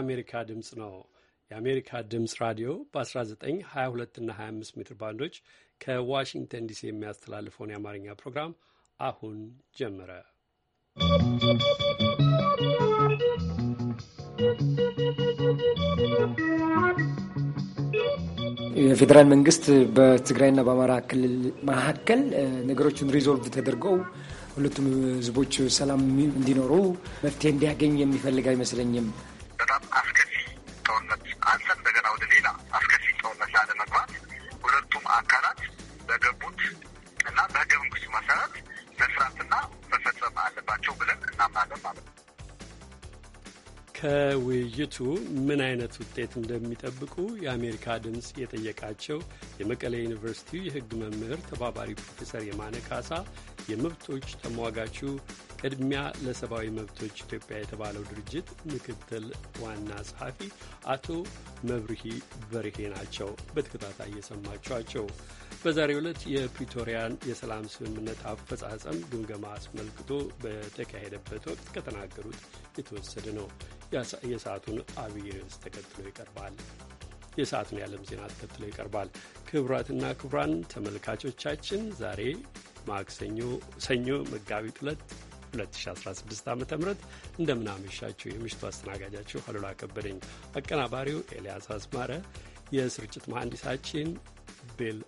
የአሜሪካ ድምፅ ነው። የአሜሪካ ድምፅ ራዲዮ በ1922 እና 25 ሜትር ባንዶች ከዋሽንግተን ዲሲ የሚያስተላልፈውን የአማርኛ ፕሮግራም አሁን ጀመረ። የፌዴራል መንግስት በትግራይና በአማራ ክልል መካከል ነገሮችን ሪዞልቭ ተደርገው ሁለቱም ህዝቦች ሰላም እንዲኖሩ መፍትሄ እንዲያገኝ የሚፈልግ አይመስለኝም። በጣም አስከፊ ጦርነት አንተ እንደገና ወደ ሌላ አስከፊ ጦርነት ላለመግባት ሁለቱም አካላት በገቡት እና በህገ መንግስቱ መሰረት መስራትና መፈጸም አለባቸው ብለን እናምናለን ማለት ነው። ከውይይቱ ምን አይነት ውጤት እንደሚጠብቁ የአሜሪካ ድምፅ የጠየቃቸው የመቀለ ዩኒቨርሲቲው የህግ መምህር ተባባሪ ፕሮፌሰር የማነ ካሳ የመብቶች ተሟጋቹ ቅድሚያ ለሰብአዊ መብቶች ኢትዮጵያ የተባለው ድርጅት ምክትል ዋና ጸሐፊ አቶ መብርሂ በርሄ ናቸው። በተከታታይ እየሰማችኋቸው በዛሬው ዕለት የፕሪቶሪያን የሰላም ስምምነት አፈጻጸም ግምገማ አስመልክቶ በተካሄደበት ወቅት ከተናገሩት የተወሰደ ነው። የሰዓቱን አብይ ርዕስ ተከትሎ ይቀርባል። የሰዓቱን የዓለም ዜና ተከትሎ ይቀርባል። ክቡራትና ክቡራን ተመልካቾቻችን ዛሬ ማክሰኞ ሰኞ መጋቢት ዕለት 2016 ዓ ም እንደምናመሻችሁ። የምሽቱ አስተናጋጃችሁ አሉላ ከበደኝ፣ አቀናባሪው ኤልያስ አስማረ፣ የስርጭት መሐንዲሳችን ቤል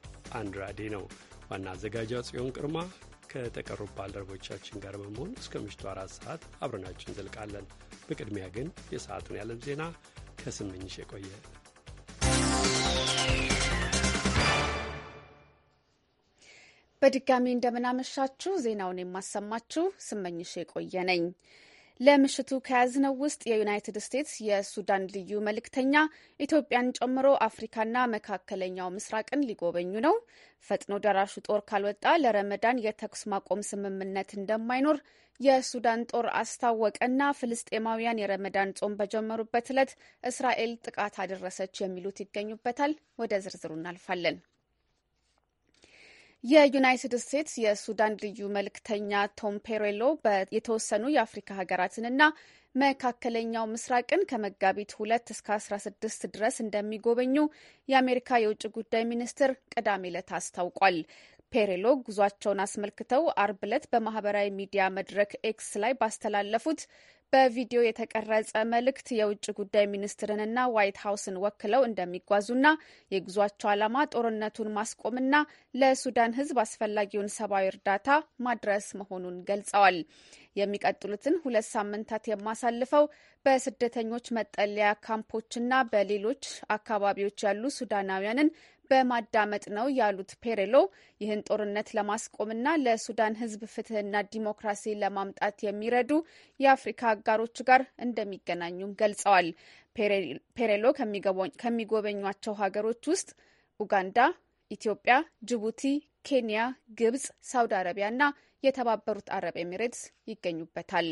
አንድራዴ ነው። ዋና አዘጋጇ ጽዮን ቅርማ ከተቀሩ ባልደረቦቻችን ጋር በመሆን እስከ ምሽቱ አራት ሰዓት አብረናችሁ እንዘልቃለን። በቅድሚያ ግን የሰዓቱን ያለም ዜና ከስምኝሽ የቆየ በድጋሚ እንደምናመሻችሁ ዜናውን የማሰማችሁ ስመኝሽ የቆየ ነኝ። ለምሽቱ ከያዝነው ውስጥ የዩናይትድ ስቴትስ የሱዳን ልዩ መልእክተኛ ኢትዮጵያን ጨምሮ አፍሪካና መካከለኛው ምስራቅን ሊጎበኙ ነው። ፈጥኖ ደራሹ ጦር ካልወጣ ለረመዳን የተኩስ ማቆም ስምምነት እንደማይኖር የሱዳን ጦር አስታወቀና ፍልስጤማውያን የረመዳን ጾም በጀመሩበት ዕለት እስራኤል ጥቃት አደረሰች የሚሉት ይገኙበታል። ወደ ዝርዝሩ እናልፋለን። የዩናይትድ ስቴትስ የሱዳን ልዩ መልክተኛ ቶም ፔሬሎ የተወሰኑ የአፍሪካ ሀገራትንና መካከለኛው ምስራቅን ከመጋቢት ሁለት እስከ አስራ ስድስት ድረስ እንደሚጎበኙ የአሜሪካ የውጭ ጉዳይ ሚኒስትር ቅዳሜ ዕለት አስታውቋል። ፔሬሎ ጉዟቸውን አስመልክተው አርብ ዕለት በማህበራዊ ሚዲያ መድረክ ኤክስ ላይ ባስተላለፉት በቪዲዮ የተቀረጸ መልእክት የውጭ ጉዳይ ሚኒስትርንና ዋይት ሀውስን ወክለው እንደሚጓዙና የጉዟቸው ዓላማ ጦርነቱን ማስቆምና ለሱዳን ሕዝብ አስፈላጊውን ሰብአዊ እርዳታ ማድረስ መሆኑን ገልጸዋል። የሚቀጥሉትን ሁለት ሳምንታት የማሳልፈው በስደተኞች መጠለያ ካምፖችና በሌሎች አካባቢዎች ያሉ ሱዳናውያንን በማዳመጥ ነው ያሉት ፔሬሎ ይህን ጦርነት ለማስቆምና ለሱዳን ሕዝብ ፍትህና ዲሞክራሲ ለማምጣት የሚረዱ የአፍሪካ አጋሮች ጋር እንደሚገናኙም ገልጸዋል። ፔሬሎ ከሚጎበኟቸው ሀገሮች ውስጥ ኡጋንዳ፣ ኢትዮጵያ፣ ጅቡቲ፣ ኬንያ፣ ግብጽ፣ ሳውዲ አረቢያና የተባበሩት አረብ ኤሚሬትስ ይገኙበታል።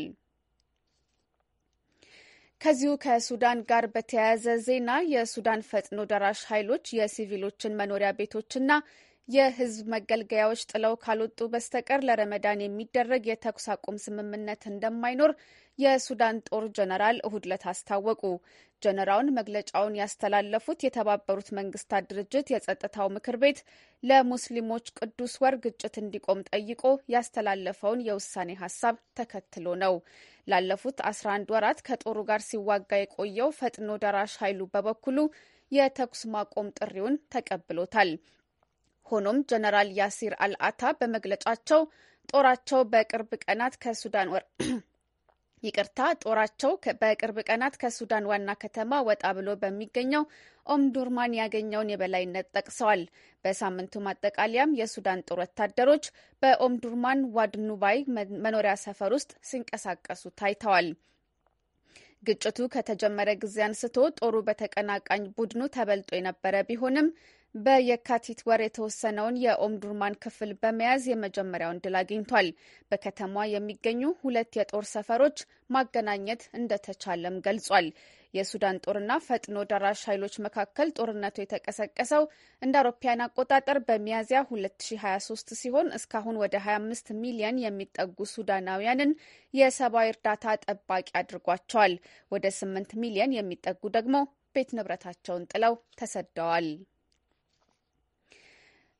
ከዚሁ ከሱዳን ጋር በተያያዘ ዜና የሱዳን ፈጥኖ ደራሽ ኃይሎች የሲቪሎችን መኖሪያ ቤቶችና የህዝብ መገልገያዎች ጥለው ካልወጡ በስተቀር ለረመዳን የሚደረግ የተኩስ አቁም ስምምነት እንደማይኖር የሱዳን ጦር ጀነራል እሁድ ዕለት አስታወቁ። ጀነራውን መግለጫውን ያስተላለፉት የተባበሩት መንግስታት ድርጅት የጸጥታው ምክር ቤት ለሙስሊሞች ቅዱስ ወር ግጭት እንዲቆም ጠይቆ ያስተላለፈውን የውሳኔ ሀሳብ ተከትሎ ነው። ላለፉት 11 ወራት ከጦሩ ጋር ሲዋጋ የቆየው ፈጥኖ ደራሽ ኃይሉ በበኩሉ የተኩስ ማቆም ጥሪውን ተቀብሎታል። ሆኖም ጀነራል ያሲር አልአታ በመግለጫቸው ጦራቸው በቅርብ ቀናት ከሱዳን ወር ይቅርታ ጦራቸው በቅርብ ቀናት ከሱዳን ዋና ከተማ ወጣ ብሎ በሚገኘው ኦምዱርማን ያገኘውን የበላይነት ጠቅሰዋል። በሳምንቱ ማጠቃለያም የሱዳን ጦር ወታደሮች በኦምዱርማን ዋድኑባይ መኖሪያ ሰፈር ውስጥ ሲንቀሳቀሱ ታይተዋል። ግጭቱ ከተጀመረ ጊዜ አንስቶ ጦሩ በተቀናቃኝ ቡድኑ ተበልጦ የነበረ ቢሆንም በየካቲት ወር የተወሰነውን የኦምዱርማን ክፍል በመያዝ የመጀመሪያውን ድል አግኝቷል። በከተማዋ የሚገኙ ሁለት የጦር ሰፈሮች ማገናኘት እንደተቻለም ገልጿል። የሱዳን ጦርና ፈጥኖ ደራሽ ኃይሎች መካከል ጦርነቱ የተቀሰቀሰው እንደ አውሮፓውያን አቆጣጠር በሚያዝያ 2023 ሲሆን እስካሁን ወደ 25 ሚሊዮን የሚጠጉ ሱዳናውያንን የሰብአዊ እርዳታ ጠባቂ አድርጓቸዋል። ወደ 8 ሚሊዮን የሚጠጉ ደግሞ ቤት ንብረታቸውን ጥለው ተሰደዋል።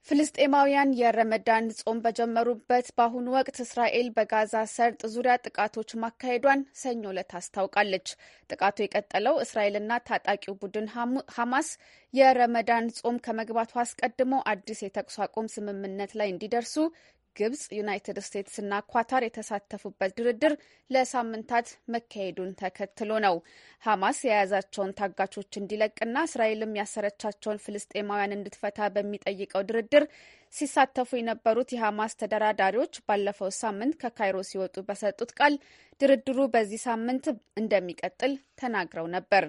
ፍልስጤማውያን የረመዳን ጾም በጀመሩበት በአሁኑ ወቅት እስራኤል በጋዛ ሰርጥ ዙሪያ ጥቃቶች ማካሄዷን ሰኞ ዕለት አስታውቃለች። ጥቃቱ የቀጠለው እስራኤልና ታጣቂው ቡድን ሐማስ የረመዳን ጾም ከመግባቱ አስቀድሞ አዲስ የተኩስ አቁም ስምምነት ላይ እንዲደርሱ ግብጽ፣ ዩናይትድ እና ኳታር የተሳተፉበት ድርድር ለሳምንታት መካሄዱን ተከትሎ ነው። ሐማስ የያዛቸውን ታጋቾች እንዲለቅና እስራኤልም ያሰረቻቸውን ፍልስጤማውያን እንድትፈታ በሚጠይቀው ድርድር ሲሳተፉ የነበሩት የሐማስ ተደራዳሪዎች ባለፈው ሳምንት ከካይሮ ሲወጡ በሰጡት ቃል ድርድሩ በዚህ ሳምንት እንደሚቀጥል ተናግረው ነበር።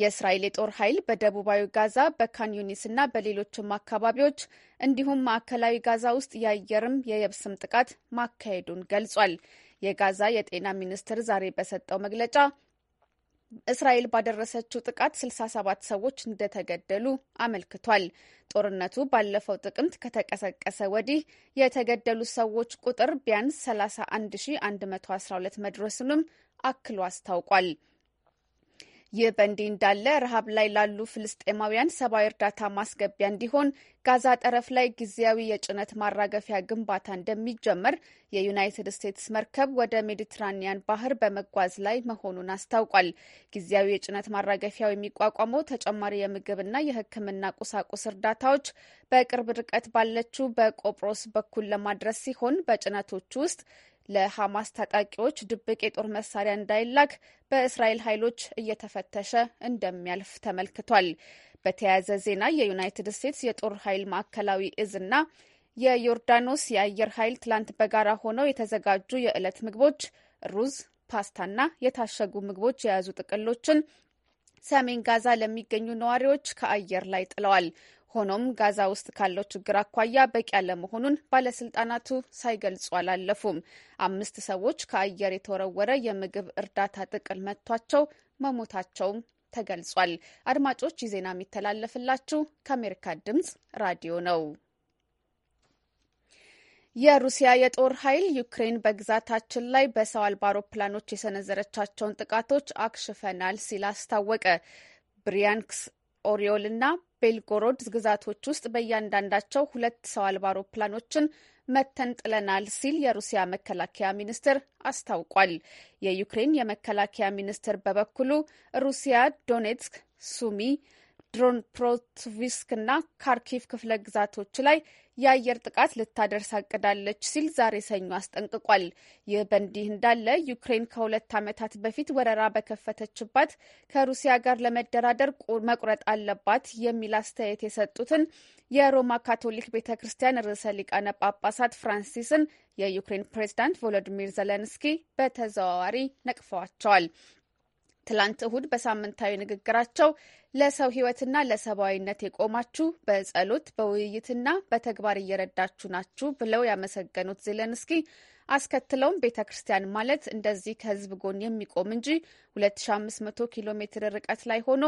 የእስራኤል የጦር ኃይል በደቡባዊ ጋዛ በካንዩኒስ ና በሌሎችም አካባቢዎች እንዲሁም ማዕከላዊ ጋዛ ውስጥ የአየርም የየብስም ጥቃት ማካሄዱን ገልጿል። የጋዛ የጤና ሚኒስትር ዛሬ በሰጠው መግለጫ እስራኤል ባደረሰችው ጥቃት 67 ሰዎች እንደተገደሉ አመልክቷል። ጦርነቱ ባለፈው ጥቅምት ከተቀሰቀሰ ወዲህ የተገደሉ ሰዎች ቁጥር ቢያንስ 31112 መድረሱንም አክሎ አስታውቋል። ይህ በእንዲህ እንዳለ ረሃብ ላይ ላሉ ፍልስጤማውያን ሰብአዊ እርዳታ ማስገቢያ እንዲሆን ጋዛ ጠረፍ ላይ ጊዜያዊ የጭነት ማራገፊያ ግንባታ እንደሚጀመር የዩናይትድ ስቴትስ መርከብ ወደ ሜዲትራኒያን ባህር በመጓዝ ላይ መሆኑን አስታውቋል። ጊዜያዊ የጭነት ማራገፊያው የሚቋቋመው ተጨማሪ የምግብና የሕክምና ቁሳቁስ እርዳታዎች በቅርብ ርቀት ባለችው በቆጵሮስ በኩል ለማድረስ ሲሆን በጭነቶቹ ውስጥ ለሐማስ ታጣቂዎች ድብቅ የጦር መሳሪያ እንዳይላክ በእስራኤል ኃይሎች እየተፈተሸ እንደሚያልፍ ተመልክቷል። በተያያዘ ዜና የዩናይትድ ስቴትስ የጦር ኃይል ማዕከላዊ እዝና የዮርዳኖስ የአየር ኃይል ትላንት በጋራ ሆነው የተዘጋጁ የዕለት ምግቦች ሩዝ፣ ፓስታና የታሸጉ ምግቦች የያዙ ጥቅሎችን ሰሜን ጋዛ ለሚገኙ ነዋሪዎች ከአየር ላይ ጥለዋል። ሆኖም ጋዛ ውስጥ ካለው ችግር አኳያ በቂ ያለመሆኑን ባለስልጣናቱ ሳይገልጹ አላለፉም። አምስት ሰዎች ከአየር የተወረወረ የምግብ እርዳታ ጥቅል መጥቷቸው መሞታቸውም ተገልጿል። አድማጮች ይህ ዜና የሚተላለፍላችሁ ከአሜሪካ ድምጽ ራዲዮ ነው። የሩሲያ የጦር ኃይል ዩክሬን በግዛታችን ላይ በሰው አልባ አውሮፕላኖች የሰነዘረቻቸውን ጥቃቶች አክሽፈናል ሲል አስታወቀ። ብሪያንክስ ኦሪዮል ና ቤልጎሮድ ግዛቶች ውስጥ በእያንዳንዳቸው ሁለት ሰው አልባ አውሮፕላኖችን መተን ጥለናል ሲል የሩሲያ መከላከያ ሚኒስትር አስታውቋል። የዩክሬን የመከላከያ ሚኒስትር በበኩሉ ሩሲያ ዶኔትስክ፣ ሱሚ ድሮን ድሮንፕሮትቪስክና ካርኪቭ ክፍለ ግዛቶች ላይ የአየር ጥቃት ልታደርስ አቅዳለች ሲል ዛሬ ሰኞ አስጠንቅቋል። ይህ በእንዲህ እንዳለ ዩክሬን ከሁለት ዓመታት በፊት ወረራ በከፈተችባት ከሩሲያ ጋር ለመደራደር መቁረጥ አለባት የሚል አስተያየት የሰጡትን የሮማ ካቶሊክ ቤተ ክርስቲያን ርዕሰ ሊቃነ ጳጳሳት ፍራንሲስን የዩክሬን ፕሬዝዳንት ቮሎዲሚር ዘለንስኪ በተዘዋዋሪ ነቅፈዋቸዋል። ትላንት እሁድ በሳምንታዊ ንግግራቸው ለሰው ሕይወትና ለሰብአዊነት የቆማችሁ በጸሎት በውይይትና በተግባር እየረዳችሁ ናችሁ ብለው ያመሰገኑት ዜለንስኪ አስከትለውም ቤተ ክርስቲያን ማለት እንደዚህ ከህዝብ ጎን የሚቆም እንጂ 2500 ኪሎ ሜትር ርቀት ላይ ሆኖ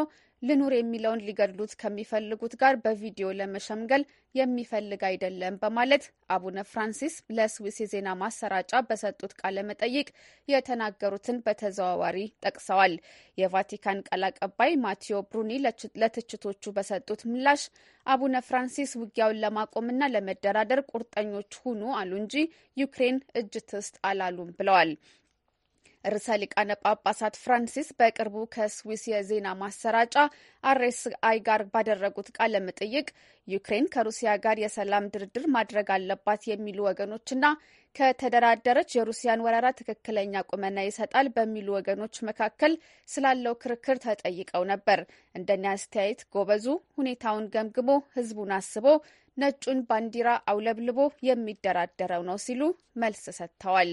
ልኑር የሚለውን ሊገድሉት ከሚፈልጉት ጋር በቪዲዮ ለመሸምገል የሚፈልግ አይደለም በማለት አቡነ ፍራንሲስ ለስዊስ የዜና ማሰራጫ በሰጡት ቃለ መጠይቅ የተናገሩትን በተዘዋዋሪ ጠቅሰዋል። የቫቲካን ቃል አቀባይ ማቴዎ ብሩኒ ለትችቶቹ በሰጡት ምላሽ አቡነ ፍራንሲስ ውጊያውን ለማቆምና ለመደራደር ቁርጠኞች ሁኑ አሉ እንጂ ዩክሬን እጅ ትስጥ አላሉም ብለዋል። ርዕሰ ሊቃነ ጳጳሳት ፍራንሲስ በቅርቡ ከስዊስ የዜና ማሰራጫ አርኤስአይ ጋር ባደረጉት ቃለ መጠይቅ ዩክሬን ከሩሲያ ጋር የሰላም ድርድር ማድረግ አለባት የሚሉ ወገኖችና ከተደራደረች የሩሲያን ወረራ ትክክለኛ ቁመና ይሰጣል በሚሉ ወገኖች መካከል ስላለው ክርክር ተጠይቀው ነበር። እንደኔ አስተያየት ጎበዙ ሁኔታውን ገምግሞ ህዝቡን አስቦ ነጩን ባንዲራ አውለብልቦ የሚደራደረው ነው ሲሉ መልስ ሰጥተዋል።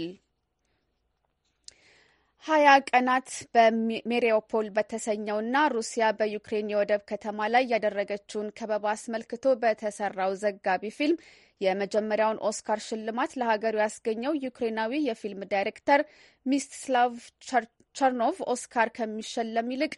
ሀያ ቀናት በሜሪዮፖል በተሰኘውና ሩሲያ በዩክሬን የወደብ ከተማ ላይ ያደረገችውን ከበባ አስመልክቶ በተሰራው ዘጋቢ ፊልም የመጀመሪያውን ኦስካር ሽልማት ለሀገሩ ያስገኘው ዩክሬናዊ የፊልም ዳይሬክተር ሚስትስላቭ ቸርኖቭ ኦስካር ከሚሸለም ይልቅ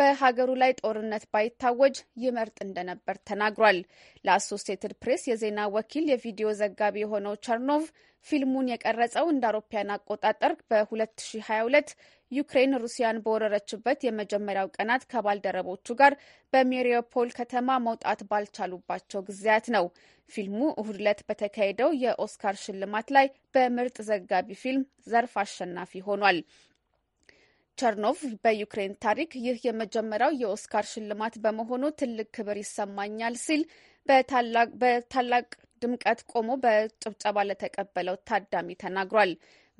በሀገሩ ላይ ጦርነት ባይታወጅ ይመርጥ እንደነበር ተናግሯል። ለአሶሲየትድ ፕሬስ የዜና ወኪል የቪዲዮ ዘጋቢ የሆነው ቸርኖቭ ፊልሙን የቀረጸው እንደ አውሮፓያን አቆጣጠር በ2022 ዩክሬን ሩሲያን በወረረችበት የመጀመሪያው ቀናት ከባልደረቦቹ ጋር በሜሪዮፖል ከተማ መውጣት ባልቻሉባቸው ጊዜያት ነው። ፊልሙ እሁድ ዕለት በተካሄደው የኦስካር ሽልማት ላይ በምርጥ ዘጋቢ ፊልም ዘርፍ አሸናፊ ሆኗል። ቸርኖቭ በዩክሬን ታሪክ ይህ የመጀመሪያው የኦስካር ሽልማት በመሆኑ ትልቅ ክብር ይሰማኛል ሲል በታላቅ ድምቀት ቆሞ በጭብጨባ ለተቀበለው ታዳሚ ተናግሯል።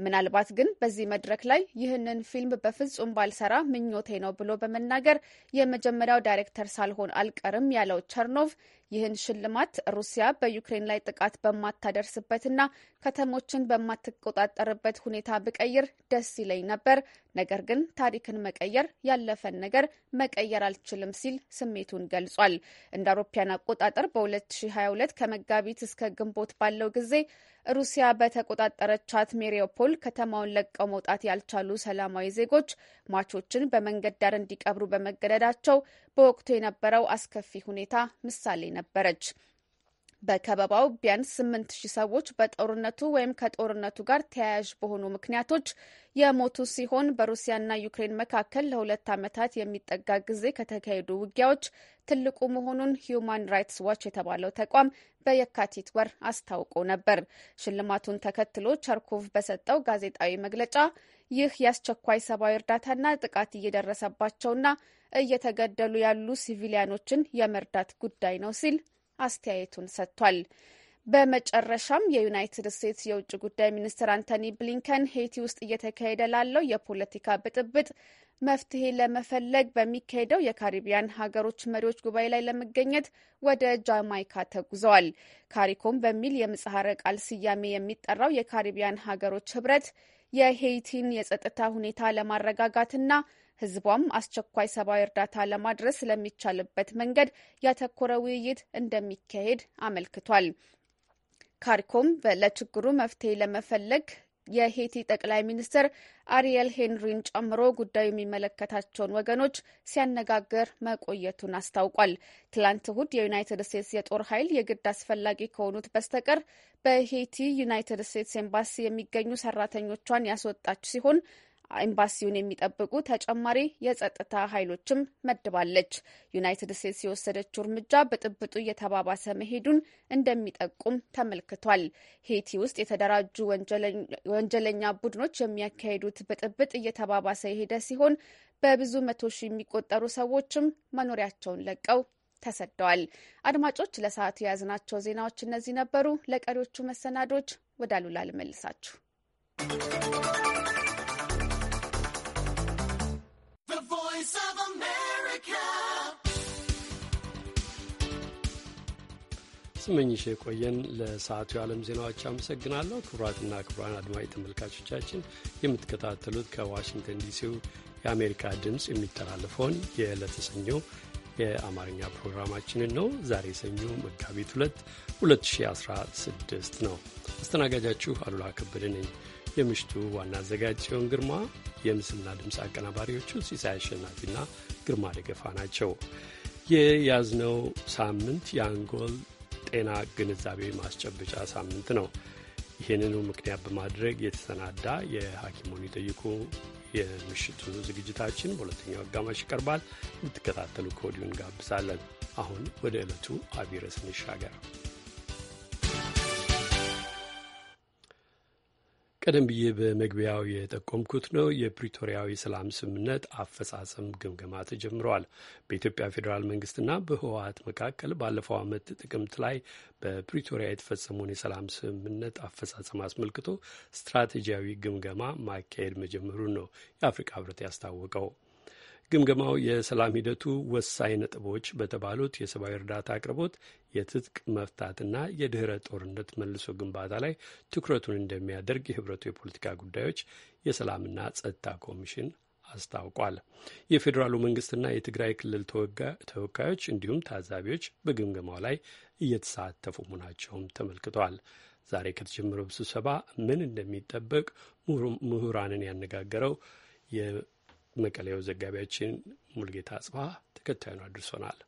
ምናልባት ግን በዚህ መድረክ ላይ ይህንን ፊልም በፍጹም ባልሰራ ምኞቴ ነው ብሎ በመናገር የመጀመሪያው ዳይሬክተር ሳልሆን አልቀርም ያለው ቸርኖቭ ይህን ሽልማት ሩሲያ በዩክሬን ላይ ጥቃት በማታደርስበትና ከተሞችን በማትቆጣጠርበት ሁኔታ ብቀይር ደስ ይለኝ ነበር፣ ነገር ግን ታሪክን መቀየር ያለፈን ነገር መቀየር አልችልም ሲል ስሜቱን ገልጿል። እንደ አውሮፓውያን አቆጣጠር በ2022 ከመጋቢት እስከ ግንቦት ባለው ጊዜ ሩሲያ በተቆጣጠረቻት ሜሪዮፖል ከተማውን ለቀው መውጣት ያልቻሉ ሰላማዊ ዜጎች ሟቾችን በመንገድ ዳር እንዲቀብሩ በመገደዳቸው በወቅቱ የነበረው አስከፊ ሁኔታ ምሳሌ ነበር። ነበረች። በከበባው ቢያንስ ስምንት ሺህ ሰዎች በጦርነቱ ወይም ከጦርነቱ ጋር ተያያዥ በሆኑ ምክንያቶች የሞቱ ሲሆን በሩሲያና ዩክሬን መካከል ለሁለት ዓመታት የሚጠጋ ጊዜ ከተካሄዱ ውጊያዎች ትልቁ መሆኑን ሂዩማን ራይትስ ዋች የተባለው ተቋም በየካቲት ወር አስታውቆ ነበር። ሽልማቱን ተከትሎ ቸርኮቭ በሰጠው ጋዜጣዊ መግለጫ ይህ የአስቸኳይ ሰብአዊ እርዳታና ጥቃት እየደረሰባቸውና እየተገደሉ ያሉ ሲቪሊያኖችን የመርዳት ጉዳይ ነው ሲል አስተያየቱን ሰጥቷል። በመጨረሻም የዩናይትድ ስቴትስ የውጭ ጉዳይ ሚኒስትር አንቶኒ ብሊንከን ሄይቲ ውስጥ እየተካሄደ ላለው የፖለቲካ ብጥብጥ መፍትሄ ለመፈለግ በሚካሄደው የካሪቢያን ሀገሮች መሪዎች ጉባኤ ላይ ለመገኘት ወደ ጃማይካ ተጉዘዋል። ካሪኮም በሚል የምጽሐረ ቃል ስያሜ የሚጠራው የካሪቢያን ሀገሮች ህብረት የሄይቲን የጸጥታ ሁኔታ ለማረጋጋትና ህዝቧም አስቸኳይ ሰብአዊ እርዳታ ለማድረስ ለሚቻልበት መንገድ ያተኮረ ውይይት እንደሚካሄድ አመልክቷል። ካሪኮም ለችግሩ መፍትሄ ለመፈለግ የሄቲ ጠቅላይ ሚኒስትር አሪየል ሄንሪን ጨምሮ ጉዳዩ የሚመለከታቸውን ወገኖች ሲያነጋግር መቆየቱን አስታውቋል። ትላንት እሁድ የዩናይትድ ስቴትስ የጦር ኃይል የግድ አስፈላጊ ከሆኑት በስተቀር በሄቲ ዩናይትድ ስቴትስ ኤምባሲ የሚገኙ ሰራተኞቿን ያስወጣች ሲሆን ኤምባሲውን የሚጠብቁ ተጨማሪ የጸጥታ ኃይሎችም መድባለች። ዩናይትድ ስቴትስ የወሰደችው እርምጃ ብጥብጡ እየተባባሰ መሄዱን እንደሚጠቁም ተመልክቷል። ሄቲ ውስጥ የተደራጁ ወንጀለኛ ቡድኖች የሚያካሄዱት ብጥብጥ እየተባባሰ የሄደ ሲሆን በብዙ መቶ ሺህ የሚቆጠሩ ሰዎችም መኖሪያቸውን ለቀው ተሰደዋል። አድማጮች ለሰዓቱ የያዝናቸው ዜናዎች እነዚህ ነበሩ። ለቀሪዎቹ መሰናዶች ወደ አሉላ ልመልሳችሁ። ስመኝሽ የቆየን ለሰዓቱ የዓለም ዜናዎች አመሰግናለሁ። ክቡራትና ክቡራን አድማጭ ተመልካቾቻችን የምትከታተሉት ከዋሽንግተን ዲሲው የአሜሪካ ድምፅ የሚተላለፈውን የዕለተ ሰኞ የአማርኛ ፕሮግራማችንን ነው። ዛሬ ሰኞ መጋቢት 2 2016 ነው። አስተናጋጃችሁ አሉላ ከበደ ነኝ። የምሽቱ ዋና አዘጋጅ ጽዮን ግርማ፣ የምስልና ድምፅ አቀናባሪዎቹ ሲሳይ አሸናፊና ግርማ ደገፋ ናቸው። የያዝነው ሳምንት የአንጎል ጤና ግንዛቤ ማስጨበጫ ሳምንት ነው። ይህንኑ ምክንያት በማድረግ የተሰናዳ የሐኪሙን ይጠይቁ የምሽቱ ዝግጅታችን በሁለተኛው አጋማሽ ይቀርባል። እንድትከታተሉ ከወዲሁ እንጋብዛለን። አሁን ወደ ዕለቱ አቢይ ርዕስ ቀደም ብዬ በመግቢያው የጠቆምኩት ነው። የፕሪቶሪያው የሰላም ስምምነት አፈጻጸም ግምገማ ተጀምረዋል። በኢትዮጵያ ፌዴራል መንግስትና በህወሀት መካከል ባለፈው ዓመት ጥቅምት ላይ በፕሪቶሪያ የተፈጸመውን የሰላም ስምምነት አፈጻጸም አስመልክቶ ስትራቴጂያዊ ግምገማ ማካሄድ መጀመሩን ነው የአፍሪካ ህብረት ያስታወቀው። ግምገማው የሰላም ሂደቱ ወሳኝ ነጥቦች በተባሉት የሰብአዊ እርዳታ አቅርቦት፣ የትጥቅ መፍታትና የድኅረ ጦርነት መልሶ ግንባታ ላይ ትኩረቱን እንደሚያደርግ የህብረቱ የፖለቲካ ጉዳዮች የሰላምና ጸጥታ ኮሚሽን አስታውቋል። የፌዴራሉ መንግስትና የትግራይ ክልል ተወካዮች እንዲሁም ታዛቢዎች በግምገማው ላይ እየተሳተፉ መሆናቸውም ተመልክተዋል። ዛሬ ከተጀመረው ስብሰባ ምን እንደሚጠበቅ ምሁራንን ያነጋገረው መቀሌው ዘጋቢያችን ሙልጌታ አጽባ ተከታዩን አድርሶናል።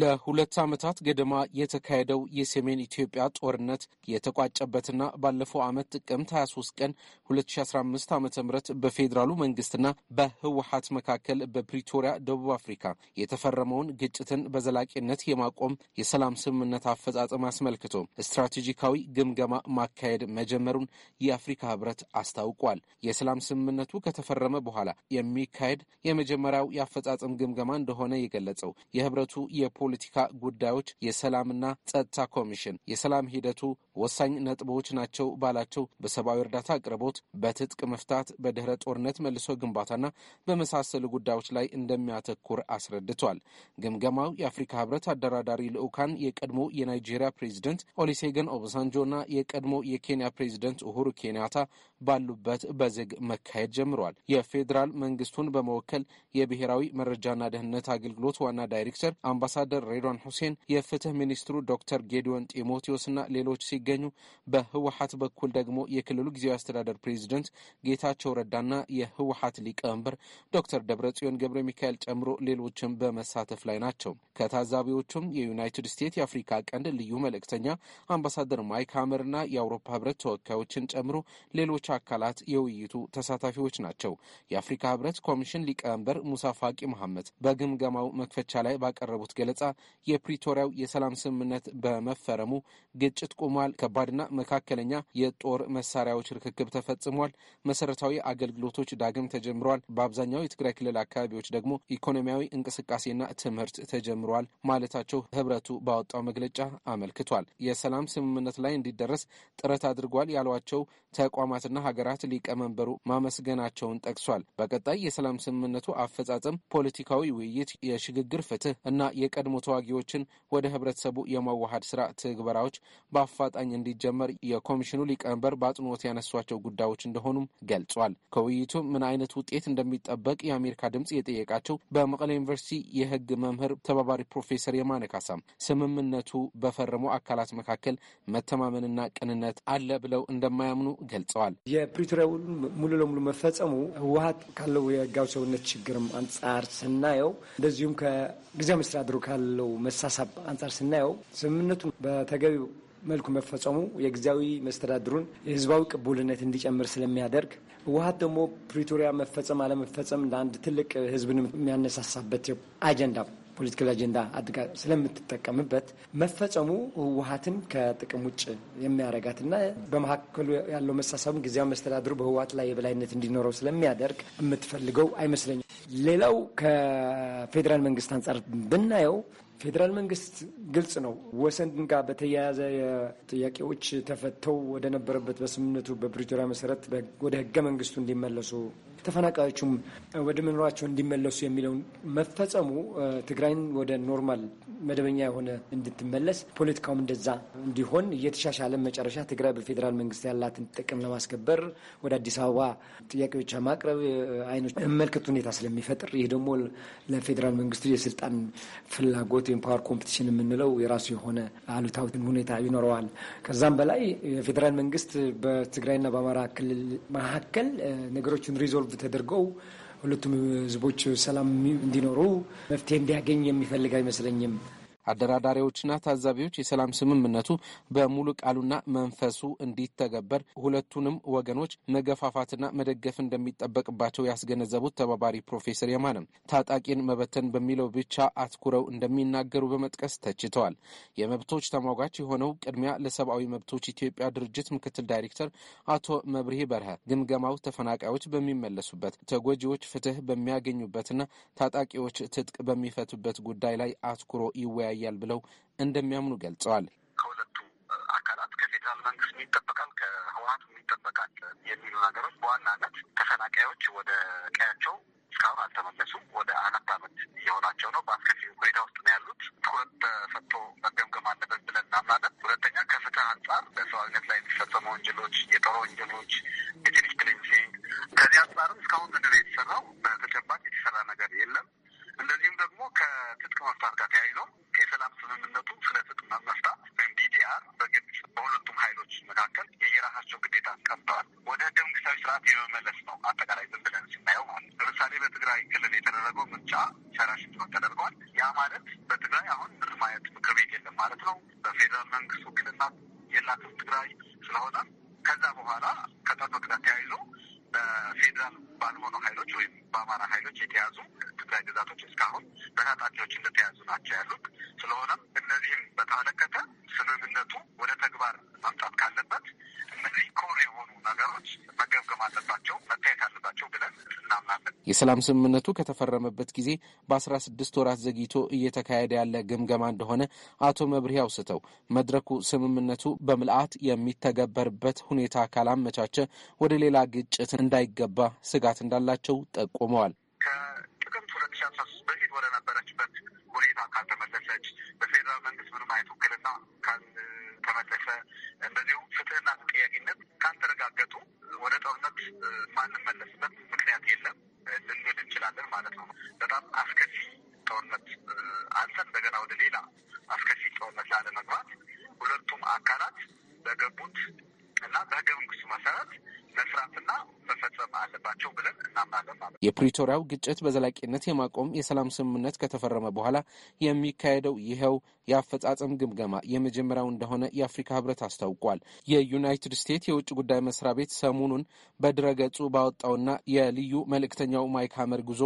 ለሁለት ዓመታት ገደማ የተካሄደው የሰሜን ኢትዮጵያ ጦርነት የተቋጨበትና ባለፈው ዓመት ጥቅምት 23 ቀን 2015 ዓ ም በፌዴራሉ መንግስትና በህወሀት መካከል በፕሪቶሪያ ደቡብ አፍሪካ የተፈረመውን ግጭትን በዘላቂነት የማቆም የሰላም ስምምነት አፈጻጸም አስመልክቶ ስትራቴጂካዊ ግምገማ ማካሄድ መጀመሩን የአፍሪካ ህብረት አስታውቋል። የሰላም ስምምነቱ ከተፈረመ በኋላ የሚካሄድ የመጀመሪያው የአፈጻጸም ግምገማ እንደሆነ የገለጸው የህብረቱ የፖ የፖለቲካ ጉዳዮች የሰላምና ጸጥታ ኮሚሽን የሰላም ሂደቱ ወሳኝ ነጥቦች ናቸው ባላቸው በሰብአዊ እርዳታ አቅርቦት፣ በትጥቅ መፍታት፣ በድህረ ጦርነት መልሶ ግንባታና በመሳሰሉ ጉዳዮች ላይ እንደሚያተኩር አስረድቷል። ግምገማው የአፍሪካ ህብረት አደራዳሪ ልዑካን የቀድሞ የናይጄሪያ ፕሬዚደንት ኦሊሴገን ኦባሳንጆና የቀድሞ የኬንያ ፕሬዚደንት ኡሁሩ ኬንያታ ባሉበት በዝግ መካሄድ ጀምረዋል። የፌዴራል መንግስቱን በመወከል የብሔራዊ መረጃና ደህንነት አገልግሎት ዋና ዳይሬክተር አምባሳ አምባሳደር ሬድዋን ሁሴን፣ የፍትህ ሚኒስትሩ ዶክተር ጌዲዮን እና ሌሎች ሲገኙ በህወሀት በኩል ደግሞ የክልሉ ጊዜያዊ አስተዳደር ፕሬዚደንት ጌታቸው ረዳና የህወሀት ሊቀመንበር ዶክተር ደብረጽዮን ገብረ ሚካኤል ጨምሮ ሌሎችም በመሳተፍ ላይ ናቸው። ከታዛቢዎቹም የዩናይትድ ስቴትስ የአፍሪካ ቀንድ ልዩ መልእክተኛ አምባሳደር ማይክ ሀመር እና የአውሮፓ ህብረት ተወካዮችን ጨምሮ ሌሎች አካላት የውይይቱ ተሳታፊዎች ናቸው። የአፍሪካ ህብረት ኮሚሽን ሊቀመንበር ሙሳ ፋቂ መሐመድ በግምገማው መክፈቻ ላይ ባቀረቡት ገለጻ ገለጻ የፕሪቶሪያው የሰላም ስምምነት በመፈረሙ ግጭት ቆሟል። ከባድና መካከለኛ የጦር መሳሪያዎች ርክክብ ተፈጽሟል። መሰረታዊ አገልግሎቶች ዳግም ተጀምረዋል። በአብዛኛው የትግራይ ክልል አካባቢዎች ደግሞ ኢኮኖሚያዊ እንቅስቃሴና ትምህርት ተጀምረዋል ማለታቸው ህብረቱ ባወጣው መግለጫ አመልክቷል። የሰላም ስምምነት ላይ እንዲደረስ ጥረት አድርጓል ያሏቸው ተቋማትና ሀገራት ሊቀመንበሩ ማመስገናቸውን ጠቅሷል። በቀጣይ የሰላም ስምምነቱ አፈጻጸም ፖለቲካዊ ውይይት፣ የሽግግር ፍትህ እና የቀ የቀድሞ ተዋጊዎችን ወደ ህብረተሰቡ የማዋሃድ ስራ ትግበራዎች በአፋጣኝ እንዲጀመር የኮሚሽኑ ሊቀመንበር በአጽንኦት ያነሷቸው ጉዳዮች እንደሆኑም ገልጿል። ከውይይቱ ምን አይነት ውጤት እንደሚጠበቅ የአሜሪካ ድምጽ የጠየቃቸው በመቀሌ ዩኒቨርሲቲ የህግ መምህር ተባባሪ ፕሮፌሰር የማነ ካሳም ስምምነቱ በፈረሙ አካላት መካከል መተማመንና ቅንነት አለ ብለው እንደማያምኑ ገልጸዋል። የፕሪቶሪያውን ሙሉ ለሙሉ መፈጸሙ ህወሀት ካለው የህጋዊ ሰውነት ችግርም አንጻር ስናየው እንደዚሁም ከጊዜያዊ መስተዳድሩ ካለው መሳሳብ አንጻር ስናየው ስምምነቱን በተገቢው መልኩ መፈጸሙ የጊዜያዊ መስተዳድሩን የህዝባዊ ቅቡልነት እንዲጨምር ስለሚያደርግ ህወሀት ደግሞ ፕሪቶሪያ መፈጸም አለመፈጸም ለአንድ ትልቅ ህዝብን የሚያነሳሳበት አጀንዳ ፖለቲካል አጀንዳ አድጋ ስለምትጠቀምበት መፈጸሙ ህወሀትን ከጥቅም ውጭ የሚያረጋትና በመካከሉ ያለው መሳሳብን ጊዜያዊ መስተዳድሩ በህወሀት ላይ የበላይነት እንዲኖረው ስለሚያደርግ የምትፈልገው አይመስለኝም። ሌላው ከፌዴራል መንግስት አንጻር ብናየው ፌዴራል መንግስት ግልጽ ነው። ወሰን ጋር በተያያዘ ጥያቄዎች ተፈተው ወደ ነበረበት በስምምነቱ በፕሪቶሪያ መሰረት ወደ ህገ መንግስቱ እንዲመለሱ ተፈናቃዮቹም ወደ መኖራቸው እንዲመለሱ የሚለውን መፈጸሙ ትግራይን ወደ ኖርማል መደበኛ የሆነ እንድትመለስ ፖለቲካውም እንደዛ እንዲሆን እየተሻሻለ መጨረሻ ትግራይ በፌዴራል መንግስት ያላትን ጥቅም ለማስከበር ወደ አዲስ አበባ ጥያቄዎች ማቅረብ አይኖች መመልከት ሁኔታ ስለሚፈጥር ይህ ደግሞ ለፌዴራል መንግስቱ የስልጣን ፍላጎት ወይም ፓወር ኮምፒቲሽን የምንለው የራሱ የሆነ አሉታዊ ሁኔታ ይኖረዋል። ከዛም በላይ የፌዴራል መንግስት በትግራይና በአማራ ክልል መካከል ነገሮችን ሪዞልቭ ተደርገው ሁለቱም ህዝቦች ሰላም እንዲኖሩ መፍትሄ እንዲያገኝ የሚፈልግ አይመስለኝም። አደራዳሪዎችና ታዛቢዎች የሰላም ስምምነቱ በሙሉ ቃሉና መንፈሱ እንዲተገበር ሁለቱንም ወገኖች መገፋፋትና መደገፍ እንደሚጠበቅባቸው ያስገነዘቡት ተባባሪ ፕሮፌሰር የማነም ታጣቂን መበተን በሚለው ብቻ አትኩረው እንደሚናገሩ በመጥቀስ ተችተዋል። የመብቶች ተሟጋች የሆነው ቅድሚያ ለሰብአዊ መብቶች ኢትዮጵያ ድርጅት ምክትል ዳይሬክተር አቶ መብርሄ በርሀ ግምገማው ተፈናቃዮች በሚመለሱበት ተጎጂዎች ፍትህ በሚያገኙበትና ታጣቂዎች ትጥቅ በሚፈቱበት ጉዳይ ላይ አትኩሮ ይወያዩ ይታያል ብለው እንደሚያምኑ ገልጸዋል። ከሁለቱ አካላት ከፌዴራል መንግስት የሚጠበቃል፣ ከህወሀት የሚጠበቃል የሚሉ ነገሮች በዋናነት ተፈናቃዮች ወደ ቀያቸው እስካሁን አልተመለሱም። ወደ አራት አመት እየሆናቸው ነው። በአስከፊ ሁኔታ ውስጥ ነው ያሉት። ትኩረት ተሰጥቶ መገምገም አለበት ብለን እናምናለን። ሁለተኛ ከፍትህ አንጻር በሰብአዊነት ላይ የሚፈጸሙ ወንጀሎች፣ የጦር ወንጀሎች፣ የቴኒስ ክሊንሲንግ ከዚህ አንጻርም እስካሁን ምንድን ነው የተሰራው? በተጨባጭ የተሰራ ነገር የለም። እንደዚሁም ደግሞ ከትጥቅ መፍታት ጋር ተያይዞ የሰላም ስምምነቱ ስለ ትጥቅ መፍታት ወይም ዲዲአር በግልጽ በሁለቱም ኃይሎች መካከል የየራሳቸው ግዴታ ቀምጠዋል። ወደ ህገ መንግስታዊ ስርዓት የመመለስ ነው። አጠቃላይ ዝም ብለን ስናየው ማለት ለምሳሌ በትግራይ ክልል የተደረገው ምርጫ ሰራሽ ሲሆን ተደርጓል። ያ ማለት በትግራይ አሁን ምንም አይነት ምክር ቤት የለም ማለት ነው። በፌዴራል መንግስት ውክልና የላትም ትግራይ ስለሆነ ከዛ በኋላ ከጠበቅ ጋር ተያይዞ በፌዴራል ባልሆኑ ኃይሎች ወይም በአማራ ኃይሎች የተያዙ ትግራይ ግዛቶች እስካሁን በታጣቂዎች እንደተያዙ ናቸው ያሉት። ስለሆነም እነዚህም በተመለከተ ስምምነቱ ወደ ተግባር መምጣት ካለበት እነዚህ ኮር የሆኑ ነገሮች መገምገም አለባቸው፣ መታየት አለባቸው ብለን እናምናለን። የሰላም ስምምነቱ ከተፈረመበት ጊዜ በአስራ ስድስት ወራት ዘግይቶ እየተካሄደ ያለ ግምገማ እንደሆነ አቶ መብርሄ አውስተው መድረኩ ስምምነቱ በምልአት የሚተገበርበት ሁኔታ ካላመቻቸ ወደ ሌላ ግጭት እንዳይገባ ስጋት ብቃት እንዳላቸው ጠቁመዋል። ከጥቅምት ሁለት ሺ አስራ ሶስት በፊት ወደ ነበረችበት ሁኔታ ካልተመለሰች በፌዴራል መንግስት ምንም አይነት ውክልና ካልተመለሰ እንደዚሁም ፍትህና ተጠያቂነት ካልተረጋገጡ ወደ ጦርነት ማንመለስበት ምክንያት የለም ልንል እንችላለን ማለት ነው። በጣም አስከፊ ጦርነት አልፈ እንደገና ወደ ሌላ አስከፊ ጦርነት ላለመግባት ሁለቱም አካላት በገቡት እና በህገ መንግስቱ መሰረት መስራትና መፈጸም አለባቸው ብለን እናምናለን ማለት ነው። የፕሪቶሪያው ግጭት በዘላቂነት የማቆም የሰላም ስምምነት ከተፈረመ በኋላ የሚካሄደው ይኸው የአፈጻጸም ግምገማ የመጀመሪያው እንደሆነ የአፍሪካ ህብረት አስታውቋል። የዩናይትድ ስቴትስ የውጭ ጉዳይ መስሪያ ቤት ሰሞኑን በድረገጹ ባወጣውና የልዩ መልእክተኛው ማይክ ሀመር ጉዞ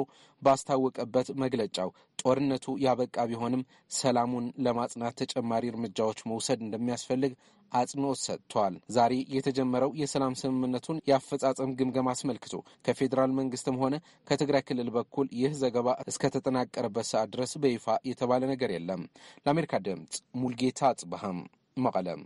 ባስታወቀበት መግለጫው ጦርነቱ ያበቃ ቢሆንም ሰላሙን ለማጽናት ተጨማሪ እርምጃዎች መውሰድ እንደሚያስፈልግ አጽንኦት ሰጥቷል። ዛሬ የተጀመረው የሰላም ስምምነቱን የወጣውን የአፈጻጸም ግምገማ አስመልክቶ ከፌዴራል መንግስትም ሆነ ከትግራይ ክልል በኩል ይህ ዘገባ እስከተጠናቀረበት ሰዓት ድረስ በይፋ የተባለ ነገር የለም። ለአሜሪካ ድምፅ ሙልጌታ አጽብሃም መቀለም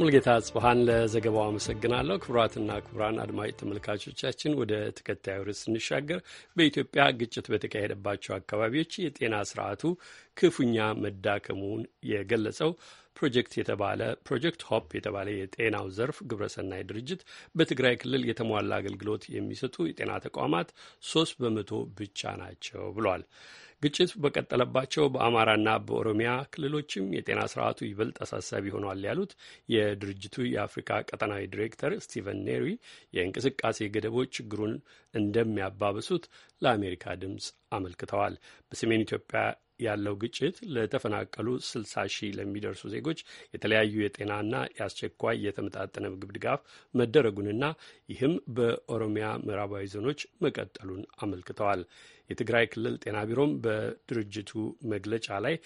ሙልጌታ ጽብሃን ለዘገባው አመሰግናለሁ። ክቡራትና ክቡራን አድማጭ ተመልካቾቻችን ወደ ተከታዩ ርዕስ ስንሻገር በኢትዮጵያ ግጭት በተካሄደባቸው አካባቢዎች የጤና ስርዓቱ ክፉኛ መዳከሙን የገለጸው ፕሮጀክት የተባለ ፕሮጀክት ሆፕ የተባለ የጤናው ዘርፍ ግብረሰናይ ድርጅት በትግራይ ክልል የተሟላ አገልግሎት የሚሰጡ የጤና ተቋማት ሶስት በመቶ ብቻ ናቸው ብሏል። ግጭት በቀጠለባቸው በአማራና በኦሮሚያ ክልሎችም የጤና ስርዓቱ ይበልጥ አሳሳቢ ሆኗል ያሉት የድርጅቱ የአፍሪካ ቀጠናዊ ዲሬክተር ስቲቨን ኔሪ የእንቅስቃሴ ገደቦች ችግሩን እንደሚያባብሱት ለአሜሪካ ድምፅ አመልክተዋል። በሰሜን ኢትዮጵያ ያለው ግጭት ለተፈናቀሉ 60 ሺህ ለሚደርሱ ዜጎች የተለያዩ የጤናና የአስቸኳይ የተመጣጠነ ምግብ ድጋፍ መደረጉንና ይህም በኦሮሚያ ምዕራባዊ ዞኖች መቀጠሉን አመልክተዋል። የትግራይ ክልል ጤና ቢሮም በድርጅቱ መግለጫ ላይ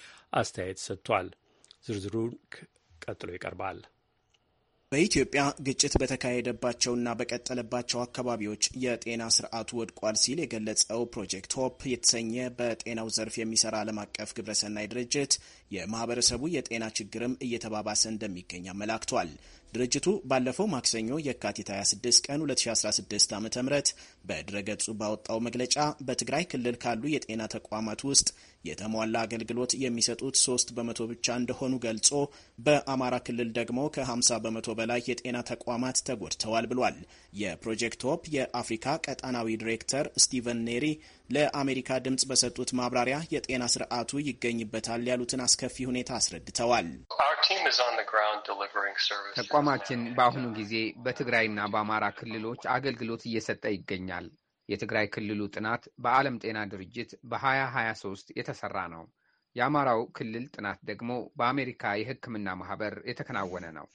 አስተያየት ሰጥቷል። ዝርዝሩን ቀጥሎ ይቀርባል። በኢትዮጵያ ግጭት በተካሄደባቸውና በቀጠለባቸው አካባቢዎች የጤና ስርዓቱ ወድቋል ሲል የገለጸው ፕሮጀክት ሆፕ የተሰኘ በጤናው ዘርፍ የሚሰራ ዓለም አቀፍ ግብረሰናይ ድርጅት የማህበረሰቡ የጤና ችግርም እየተባባሰ እንደሚገኝ አመላክቷል። ድርጅቱ ባለፈው ማክሰኞ የካቲት 26 ቀን 2016 ዓ ም በድረገጹ ባወጣው መግለጫ በትግራይ ክልል ካሉ የጤና ተቋማት ውስጥ የተሟላ አገልግሎት የሚሰጡት ሶስት በመቶ ብቻ እንደሆኑ ገልጾ በአማራ ክልል ደግሞ ከ50 በመቶ በላይ የጤና ተቋማት ተጎድተዋል ብሏል። የፕሮጀክት ሆፕ የአፍሪካ ቀጣናዊ ዲሬክተር ስቲቨን ኔሪ ለአሜሪካ ድምፅ በሰጡት ማብራሪያ የጤና ስርዓቱ ይገኝበታል ያሉትን አስከፊ ሁኔታ አስረድተዋል። ተቋማችን በአሁኑ ጊዜ በትግራይና በአማራ ክልሎች አገልግሎት እየሰጠ ይገኛል። የትግራይ ክልሉ ጥናት በዓለም ጤና ድርጅት በ2023 የተሰራ ነው። የአማራው ክልል ጥናት ደግሞ በአሜሪካ የሕክምና ማህበር የተከናወነ ነው።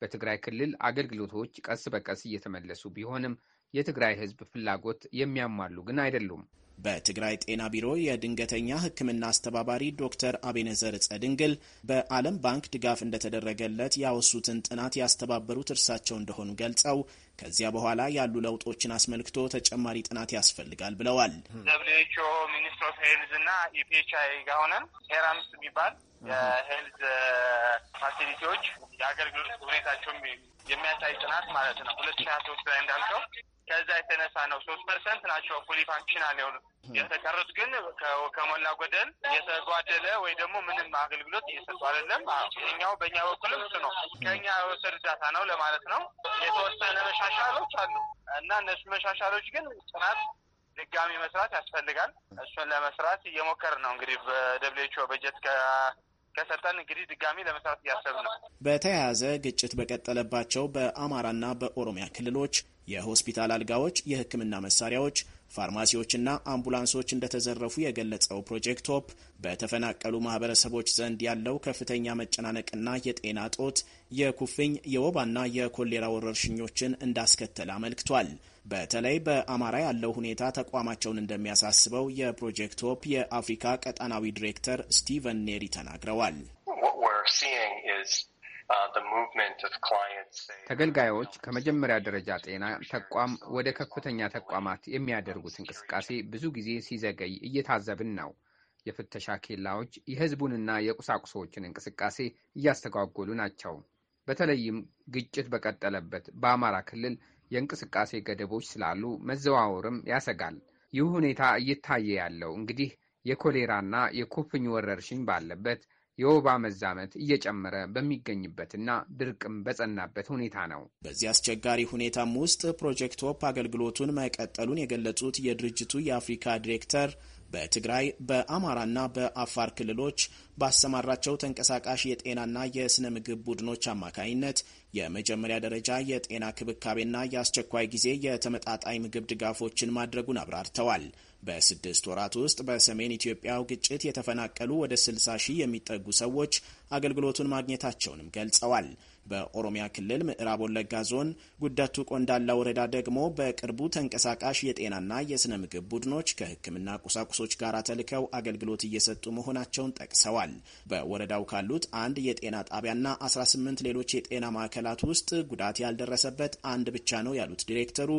በትግራይ ክልል አገልግሎቶች ቀስ በቀስ እየተመለሱ ቢሆንም የትግራይ ሕዝብ ፍላጎት የሚያሟሉ ግን አይደሉም። በትግራይ ጤና ቢሮ የድንገተኛ ሕክምና አስተባባሪ ዶክተር አቤነዘር ጸድንግል በዓለም ባንክ ድጋፍ እንደተደረገለት ያወሱትን ጥናት ያስተባበሩት እርሳቸው እንደሆኑ ገልጸው ከዚያ በኋላ ያሉ ለውጦችን አስመልክቶ ተጨማሪ ጥናት ያስፈልጋል ብለዋል። ደብሊው ኤች ኦ ሚኒስትር ኦፍ ሄልዝ እና ኢፒኤችአይ ጋር ሆነን ሄራምስ የሚባል የሄልዝ ፋሲሊቲዎች የአገልግሎት ሁኔታቸውም የሚያሳይ ጥናት ማለት ነው። ሁለት ሺ ሀያ ሶስት ላይ እንዳልከው ከዛ የተነሳ ነው ሶስት ፐርሰንት ናቸው ፉሊ ፋንክሽናል የሆኑት። የተቀሩት ግን ከሞላ ጎደል የተጓደለ ወይ ደግሞ ምንም አገልግሎት እየሰጡ አይደለም። እኛው በእኛ በኩልም እሱ ነው ከእኛ የወሰዱት እርዳታ ነው ለማለት ነው። የተወሰነ መሻሻሎች አሉ እና እነሱ መሻሻሎች ግን ጥናት ድጋሚ መስራት ያስፈልጋል። እሱን ለመስራት እየሞከር ነው እንግዲህ በደብሊው ኤች ኦ በጀት ከሰጠን እንግዲህ ድጋሚ ለመስራት እያሰብ ነው። በተያያዘ ግጭት በቀጠለባቸው በአማራና በኦሮሚያ ክልሎች የሆስፒታል አልጋዎች፣ የህክምና መሳሪያዎች፣ ፋርማሲዎችና አምቡላንሶች እንደተዘረፉ የገለጸው ፕሮጀክት ሆፕ በተፈናቀሉ ማህበረሰቦች ዘንድ ያለው ከፍተኛ መጨናነቅና የጤና ጦት የኩፍኝ የወባና የኮሌራ ወረርሽኞችን እንዳስከተለ አመልክቷል። በተለይ በአማራ ያለው ሁኔታ ተቋማቸውን እንደሚያሳስበው የፕሮጀክት ሆፕ የአፍሪካ ቀጣናዊ ዲሬክተር ስቲቨን ኔሪ ተናግረዋል። Uh, ተገልጋዮች ከመጀመሪያ ደረጃ ጤና ተቋም ወደ uh, ከፍተኛ ተቋማት የሚያደርጉት እንቅስቃሴ ብዙ ጊዜ ሲዘገይ እየታዘብን ነው። የፍተሻ ኬላዎች የሕዝቡንና የቁሳቁሶችን እንቅስቃሴ እያስተጓጎሉ ናቸው። በተለይም ግጭት በቀጠለበት በአማራ ክልል የእንቅስቃሴ ገደቦች ስላሉ መዘዋወርም ያሰጋል። ይህ ሁኔታ እየታየ ያለው እንግዲህ የኮሌራና የኩፍኝ ወረርሽኝ ባለበት የወባ መዛመት እየጨመረ በሚገኝበትና ድርቅም በጸናበት ሁኔታ ነው። በዚህ አስቸጋሪ ሁኔታም ውስጥ ፕሮጀክት ሆፕ አገልግሎቱን መቀጠሉን የገለጹት የድርጅቱ የአፍሪካ ዲሬክተር በትግራይ በአማራና በአፋር ክልሎች ባሰማራቸው ተንቀሳቃሽ የጤናና የስነ ምግብ ቡድኖች አማካኝነት የመጀመሪያ ደረጃ የጤና ክብካቤና የአስቸኳይ ጊዜ የተመጣጣኝ ምግብ ድጋፎችን ማድረጉን አብራርተዋል። በስድስት ወራት ውስጥ በሰሜን ኢትዮጵያው ግጭት የተፈናቀሉ ወደ 60 ሺህ የሚጠጉ ሰዎች አገልግሎቱን ማግኘታቸውንም ገልጸዋል። በኦሮሚያ ክልል ምዕራብ ወለጋ ዞን ጉደቱ ቆንዳላ ወረዳ ደግሞ በቅርቡ ተንቀሳቃሽ የጤናና የሥነ ምግብ ቡድኖች ከሕክምና ቁሳቁሶች ጋር ተልከው አገልግሎት እየሰጡ መሆናቸውን ጠቅሰዋል። በወረዳው ካሉት አንድ የጤና ጣቢያና 18 ሌሎች የጤና ማዕከላት ውስጥ ጉዳት ያልደረሰበት አንድ ብቻ ነው ያሉት ዲሬክተሩ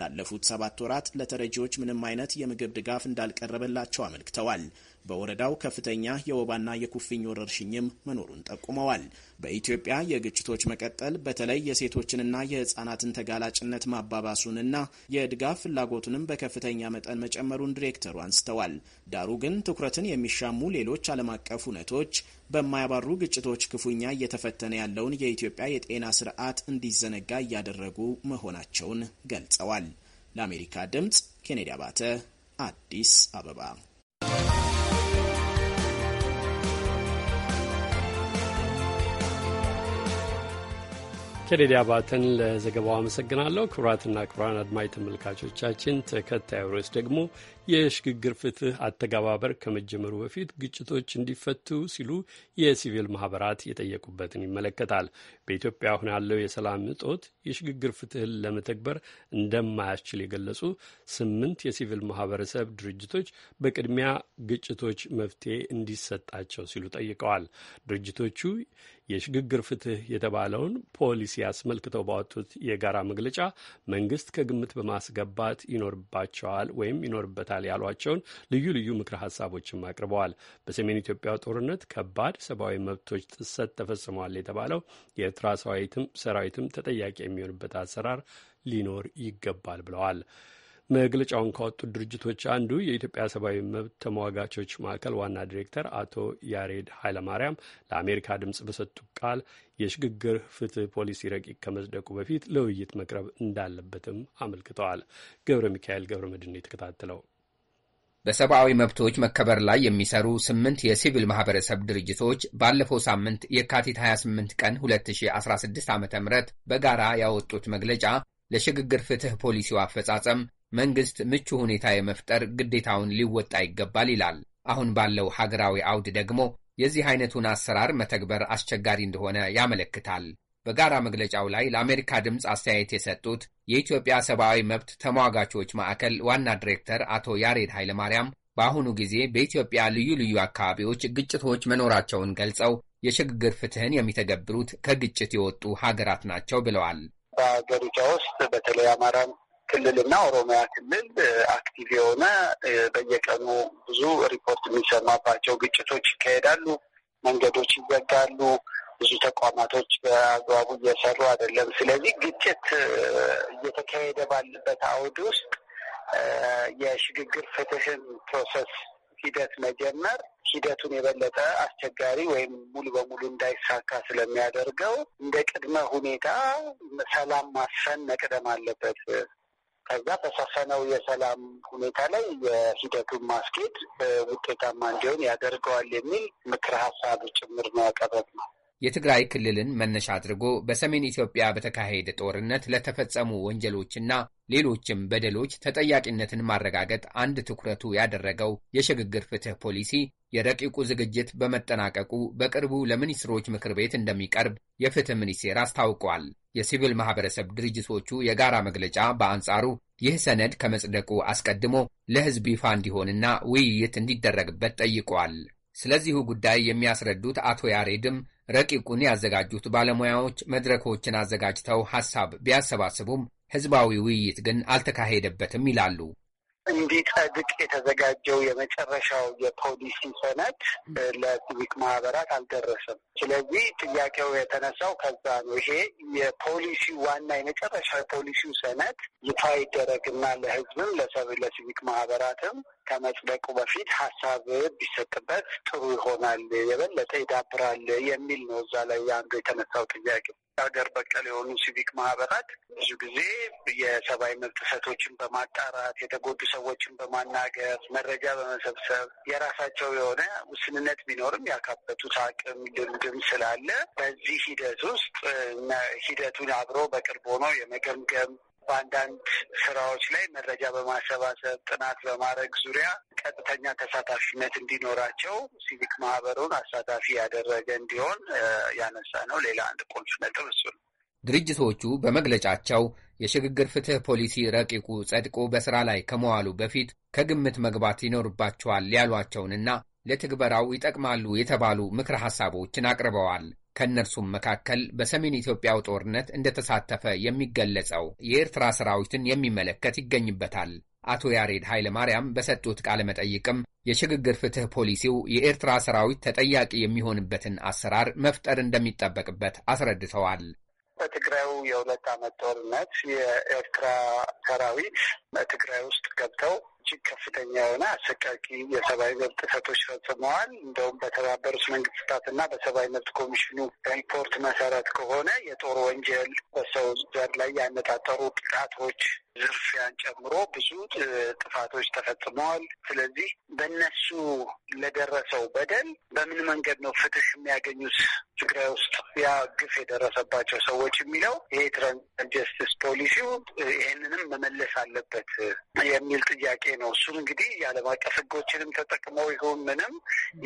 ላለፉት ሰባት ወራት ለተረጂዎች ምንም አይነት የምግብ ድጋፍ እንዳልቀረበላቸው አመልክተዋል። በወረዳው ከፍተኛ የወባና የኩፍኝ ወረርሽኝም መኖሩን ጠቁመዋል። በኢትዮጵያ የግጭቶች መቀጠል በተለይ የሴቶችንና የህጻናትን ተጋላጭነት ማባባሱንና የድጋፍ ፍላጎቱንም በከፍተኛ መጠን መጨመሩን ዲሬክተሩ አንስተዋል። ዳሩ ግን ትኩረትን የሚሻሙ ሌሎች ዓለም አቀፍ እውነቶች በማያባሩ ግጭቶች ክፉኛ እየተፈተነ ያለውን የኢትዮጵያ የጤና ስርዓት እንዲዘነጋ እያደረጉ መሆናቸውን ገልጸዋል። ለአሜሪካ ድምፅ ኬኔዲ አባተ አዲስ አበባ ኬኔዲ አባተን ለዘገባው አመሰግናለሁ። ክቡራትና ክቡራን አድማጭ ተመልካቾቻችን ተከታዩ ርዕስ ደግሞ የሽግግር ፍትህ አተገባበር ከመጀመሩ በፊት ግጭቶች እንዲፈቱ ሲሉ የሲቪል ማህበራት የጠየቁበትን ይመለከታል። በኢትዮጵያ አሁን ያለው የሰላም እጦት የሽግግር ፍትህን ለመተግበር እንደማያስችል የገለጹ ስምንት የሲቪል ማህበረሰብ ድርጅቶች በቅድሚያ ግጭቶች መፍትሄ እንዲሰጣቸው ሲሉ ጠይቀዋል። ድርጅቶቹ የሽግግር ፍትህ የተባለውን ፖሊሲ አስመልክተው ባወጡት የጋራ መግለጫ መንግስት ከግምት በማስገባት ይኖርባቸዋል ወይም ይኖርበታል ይመለከታል ያሏቸውን ልዩ ልዩ ምክረ ሀሳቦችም አቅርበዋል። በሰሜን ኢትዮጵያ ጦርነት ከባድ ሰብአዊ መብቶች ጥሰት ተፈጽመዋል የተባለው የኤርትራ ሰራዊትም ተጠያቂ የሚሆንበት አሰራር ሊኖር ይገባል ብለዋል። መግለጫውን ካወጡት ድርጅቶች አንዱ የኢትዮጵያ ሰብአዊ መብት ተሟጋቾች ማዕከል ዋና ዲሬክተር አቶ ያሬድ ኃይለማርያም ለአሜሪካ ድምፅ በሰጡት ቃል የሽግግር ፍትህ ፖሊሲ ረቂቅ ከመጽደቁ በፊት ለውይይት መቅረብ እንዳለበትም አመልክተዋል። ገብረ ሚካኤል ገብረ መድን የተከታተለው በሰብአዊ መብቶች መከበር ላይ የሚሰሩ ስምንት የሲቪል ማህበረሰብ ድርጅቶች ባለፈው ሳምንት የካቲት 28 ቀን 2016 ዓ ም በጋራ ያወጡት መግለጫ ለሽግግር ፍትህ ፖሊሲው አፈጻጸም መንግሥት ምቹ ሁኔታ የመፍጠር ግዴታውን ሊወጣ ይገባል ይላል። አሁን ባለው ሀገራዊ አውድ ደግሞ የዚህ አይነቱን አሰራር መተግበር አስቸጋሪ እንደሆነ ያመለክታል። በጋራ መግለጫው ላይ ለአሜሪካ ድምፅ አስተያየት የሰጡት የኢትዮጵያ ሰብአዊ መብት ተሟጋቾች ማዕከል ዋና ዲሬክተር አቶ ያሬድ ኃይለማርያም በአሁኑ ጊዜ በኢትዮጵያ ልዩ ልዩ አካባቢዎች ግጭቶች መኖራቸውን ገልጸው የሽግግር ፍትህን የሚተገብሩት ከግጭት የወጡ ሀገራት ናቸው ብለዋል። በሀገሪቷ ውስጥ በተለይ አማራን ክልልና ኦሮሚያ ክልል አክቲቭ የሆነ በየቀኑ ብዙ ሪፖርት የሚሰማባቸው ግጭቶች ይካሄዳሉ። መንገዶች ይዘጋሉ። ብዙ ተቋማቶች በአግባቡ እየሰሩ አይደለም። ስለዚህ ግጭት እየተካሄደ ባለበት አውድ ውስጥ የሽግግር ፍትህን ፕሮሰስ ሂደት መጀመር ሂደቱን የበለጠ አስቸጋሪ ወይም ሙሉ በሙሉ እንዳይሳካ ስለሚያደርገው እንደ ቅድመ ሁኔታ ሰላም ማስፈን መቅደም አለበት። ከዛ በሰፈነው የሰላም ሁኔታ ላይ የሂደቱን ማስኬድ ውጤታማ እንዲሆን ያደርገዋል የሚል ምክር ሀሳብ ጭምር ነው ነው። የትግራይ ክልልን መነሻ አድርጎ በሰሜን ኢትዮጵያ በተካሄደ ጦርነት ለተፈጸሙ ወንጀሎችና ሌሎችም በደሎች ተጠያቂነትን ማረጋገጥ አንድ ትኩረቱ ያደረገው የሽግግር ፍትህ ፖሊሲ የረቂቁ ዝግጅት በመጠናቀቁ በቅርቡ ለሚኒስትሮች ምክር ቤት እንደሚቀርብ የፍትህ ሚኒስቴር አስታውቋል። የሲቪል ማህበረሰብ ድርጅቶቹ የጋራ መግለጫ በአንጻሩ ይህ ሰነድ ከመጽደቁ አስቀድሞ ለሕዝብ ይፋ እንዲሆንና ውይይት እንዲደረግበት ጠይቋል። ስለዚሁ ጉዳይ የሚያስረዱት አቶ ያሬድም ረቂቁን ያዘጋጁት ባለሙያዎች መድረኮችን አዘጋጅተው ሐሳብ ቢያሰባስቡም ሕዝባዊ ውይይት ግን አልተካሄደበትም ይላሉ እንዲጸድቅ የተዘጋጀው የመጨረሻው የፖሊሲ ሰነድ ለሲቪክ ማህበራት አልደረሰም። ስለዚህ ጥያቄው የተነሳው ከዛ ነው። ይሄ የፖሊሲው ዋና የመጨረሻ የፖሊሲው ሰነድ ይፋ ይደረግና ለሰብ ለሲቪክ ማህበራትም ከመጽደቁ በፊት ሀሳብ ቢሰጥበት ጥሩ ይሆናል፣ የበለጠ ይዳብራል የሚል ነው። እዛ ላይ አንዱ የተነሳው ጥያቄ ሀገር በቀል የሆኑ ሲቪክ ማህበራት ብዙ ጊዜ የሰብአዊ መብት ጥሰቶችን በማጣራት የተጎዱ ሰዎችን በማናገር መረጃ በመሰብሰብ የራሳቸው የሆነ ውስንነት ቢኖርም ያካበቱት አቅም ልምድም ስላለ በዚህ ሂደት ውስጥ ሂደቱን አብሮ በቅርብ ሆኖ የመገምገም በአንዳንድ ስራዎች ላይ መረጃ በማሰባሰብ ጥናት በማድረግ ዙሪያ ቀጥተኛ ተሳታፊነት እንዲኖራቸው ሲቪክ ማህበሩን አሳታፊ ያደረገ እንዲሆን ያነሳ ነው። ሌላ አንድ ቁልፍ ነጥብ እሱ ነው። ድርጅቶቹ በመግለጫቸው የሽግግር ፍትህ ፖሊሲ ረቂቁ ጸድቆ በሥራ ላይ ከመዋሉ በፊት ከግምት መግባት ይኖርባቸዋል ያሏቸውንና ለትግበራው ይጠቅማሉ የተባሉ ምክር ሐሳቦችን አቅርበዋል። ከእነርሱም መካከል በሰሜን ኢትዮጵያው ጦርነት እንደተሳተፈ የሚገለጸው የኤርትራ ሰራዊትን የሚመለከት ይገኝበታል። አቶ ያሬድ ኃይለ ማርያም በሰጡት ቃለ መጠይቅም የሽግግር ፍትህ ፖሊሲው የኤርትራ ሰራዊት ተጠያቂ የሚሆንበትን አሰራር መፍጠር እንደሚጠበቅበት አስረድተዋል። በትግራዩ የሁለት ዓመት ጦርነት የኤርትራ ሰራዊት በትግራይ ውስጥ ገብተው እጅግ ከፍተኛ የሆነ አሰቃቂ የሰብአዊ መብት ጥሰቶች ፈጽመዋል። እንደውም በተባበሩት መንግስታትና በሰብአዊ መብት ኮሚሽኑ ሪፖርት መሰረት ከሆነ የጦር ወንጀል፣ በሰው ዘር ላይ ያነጣጠሩ ጥቃቶች ዝርፊያን ጨምሮ ብዙ ጥፋቶች ተፈጽመዋል። ስለዚህ በእነሱ ለደረሰው በደል በምን መንገድ ነው ፍትህ የሚያገኙት ትግራይ ውስጥ ያ ግፍ የደረሰባቸው ሰዎች የሚለው ይሄ ትራንስ ጀስቲስ ፖሊሲው ይህንንም መመለስ አለበት የሚል ጥያቄ ነው። እሱም እንግዲህ የዓለም አቀፍ ህጎችንም ተጠቅመው ይሁን ምንም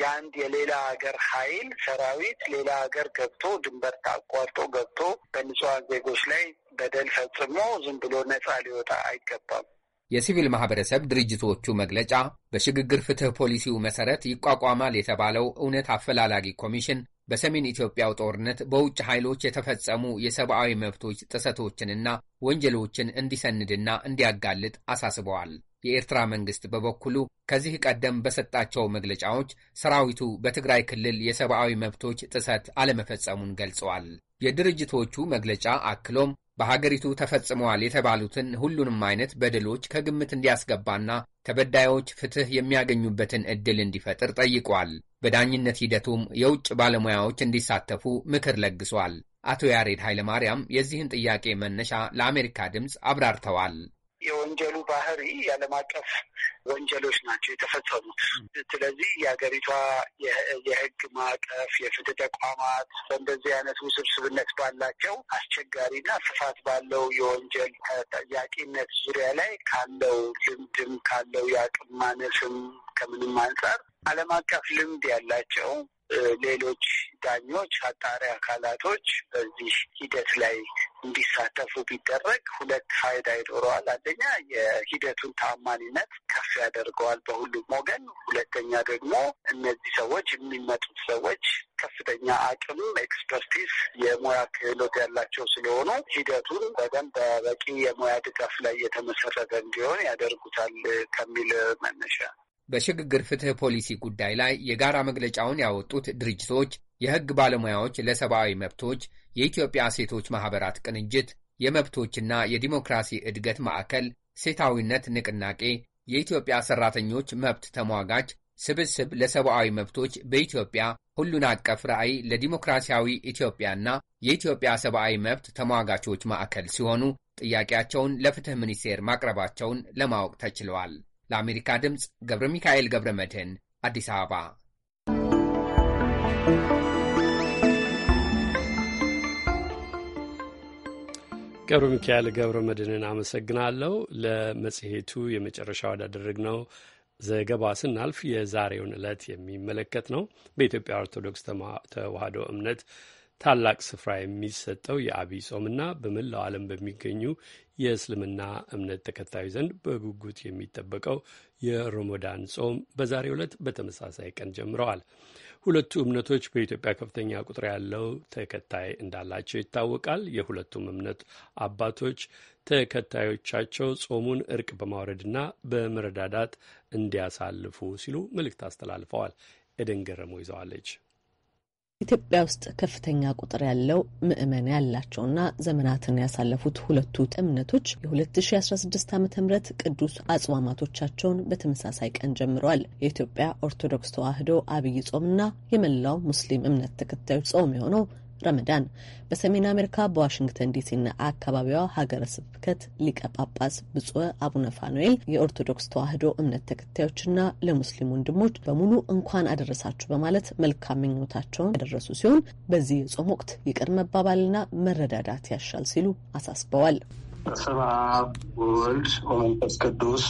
የአንድ የሌላ ሀገር ኃይል ሰራዊት ሌላ ሀገር ገብቶ ድንበር አቋርጦ ገብቶ በንጹሐን ዜጎች ላይ በደል ፈጽሞ ዝም ብሎ ነጻ ሊወጣ አይገባም። የሲቪል ማህበረሰብ ድርጅቶቹ መግለጫ በሽግግር ፍትህ ፖሊሲው መሰረት ይቋቋማል የተባለው እውነት አፈላላጊ ኮሚሽን በሰሜን ኢትዮጵያው ጦርነት በውጭ ኃይሎች የተፈጸሙ የሰብአዊ መብቶች ጥሰቶችንና ወንጀሎችን እንዲሰንድና እንዲያጋልጥ አሳስበዋል። የኤርትራ መንግስት በበኩሉ ከዚህ ቀደም በሰጣቸው መግለጫዎች ሰራዊቱ በትግራይ ክልል የሰብአዊ መብቶች ጥሰት አለመፈጸሙን ገልጸዋል። የድርጅቶቹ መግለጫ አክሎም በሀገሪቱ ተፈጽመዋል የተባሉትን ሁሉንም አይነት በደሎች ከግምት እንዲያስገባና ተበዳዮች ፍትህ የሚያገኙበትን ዕድል እንዲፈጥር ጠይቋል። በዳኝነት ሂደቱም የውጭ ባለሙያዎች እንዲሳተፉ ምክር ለግሷል። አቶ ያሬድ ኃይለማርያም የዚህን ጥያቄ መነሻ ለአሜሪካ ድምፅ አብራርተዋል። የወንጀሉ ባህሪ የዓለም አቀፍ ወንጀሎች ናቸው የተፈጸሙት። ስለዚህ የሀገሪቷ የህግ ማዕቀፍ የፍትህ ተቋማት በእንደዚህ አይነት ውስብስብነት ባላቸው አስቸጋሪና ስፋት ባለው የወንጀል ተጠያቂነት ዙሪያ ላይ ካለው ልምድም ካለው የአቅም ማነስም ከምንም አንጻር ዓለም አቀፍ ልምድ ያላቸው ሌሎች ዳኞች፣ አጣሪ አካላቶች በዚህ ሂደት ላይ እንዲሳተፉ ቢደረግ ሁለት ፋይዳ ይኖረዋል። አንደኛ የሂደቱን ታማኒነት ከፍ ያደርገዋል በሁሉም ወገን። ሁለተኛ ደግሞ እነዚህ ሰዎች የሚመጡት ሰዎች ከፍተኛ አቅም፣ ኤክስፐርቲዝ፣ የሙያ ክህሎት ያላቸው ስለሆኑ ሂደቱን በደንብ በበቂ የሙያ ድጋፍ ላይ የተመሰረተ እንዲሆን ያደርጉታል ከሚል መነሻ በሽግግር ፍትህ ፖሊሲ ጉዳይ ላይ የጋራ መግለጫውን ያወጡት ድርጅቶች፣ የህግ ባለሙያዎች ለሰብአዊ መብቶች የኢትዮጵያ ሴቶች ማኅበራት ቅንጅት፣ የመብቶችና የዲሞክራሲ ዕድገት ማዕከል፣ ሴታዊነት ንቅናቄ፣ የኢትዮጵያ ሠራተኞች መብት ተሟጋች ስብስብ ለሰብአዊ መብቶች በኢትዮጵያ ሁሉን አቀፍ ራዕይ ለዲሞክራሲያዊ ኢትዮጵያና የኢትዮጵያ ሰብአዊ መብት ተሟጋቾች ማዕከል ሲሆኑ ጥያቄያቸውን ለፍትሕ ሚኒስቴር ማቅረባቸውን ለማወቅ ተችለዋል። ለአሜሪካ ድምፅ ገብረ ሚካኤል ገብረ መድህን አዲስ አበባ ገብረ ሚካኤል ገብረ መድህንን አመሰግናለሁ። ለመጽሔቱ የመጨረሻ ወዳደረግነው ዘገባ ስናልፍ የዛሬውን ዕለት የሚመለከት ነው። በኢትዮጵያ ኦርቶዶክስ ተዋህዶ እምነት ታላቅ ስፍራ የሚሰጠው የአብይ ጾምና በመላው ዓለም በሚገኙ የእስልምና እምነት ተከታዮች ዘንድ በጉጉት የሚጠበቀው የሮሞዳን ጾም በዛሬው ዕለት በተመሳሳይ ቀን ጀምረዋል። ሁለቱ እምነቶች በኢትዮጵያ ከፍተኛ ቁጥር ያለው ተከታይ እንዳላቸው ይታወቃል። የሁለቱም እምነት አባቶች ተከታዮቻቸው ጾሙን እርቅ በማውረድና በመረዳዳት እንዲያሳልፉ ሲሉ መልእክት አስተላልፈዋል። ኤደን ገረሞ ይዘዋለች። ኢትዮጵያ ውስጥ ከፍተኛ ቁጥር ያለው ምዕመን ያላቸውና ዘመናትን ያሳለፉት ሁለቱ እምነቶች የ2016 ዓ ም ቅዱስ አጽዋማቶቻቸውን በተመሳሳይ ቀን ጀምረዋል። የኢትዮጵያ ኦርቶዶክስ ተዋሕዶ አብይ ጾምና የመላው ሙስሊም እምነት ተከታዮች ጾም የሆነው ረመዳን በሰሜን አሜሪካ በዋሽንግተን ዲሲና አካባቢዋ ሀገረ ስብከት ሊቀ ጳጳስ ብፁዕ አቡነ ፋኑኤል የኦርቶዶክስ ተዋሕዶ እምነት ተከታዮችና ለሙስሊም ወንድሞች በሙሉ እንኳን አደረሳችሁ በማለት መልካም ምኞታቸውን ያደረሱ ሲሆን በዚህ የጾም ወቅት ይቅር መባባልና መረዳዳት ያሻል ሲሉ አሳስበዋል። በስመ አብ ወወልድ ወመንፈስ ቅዱስ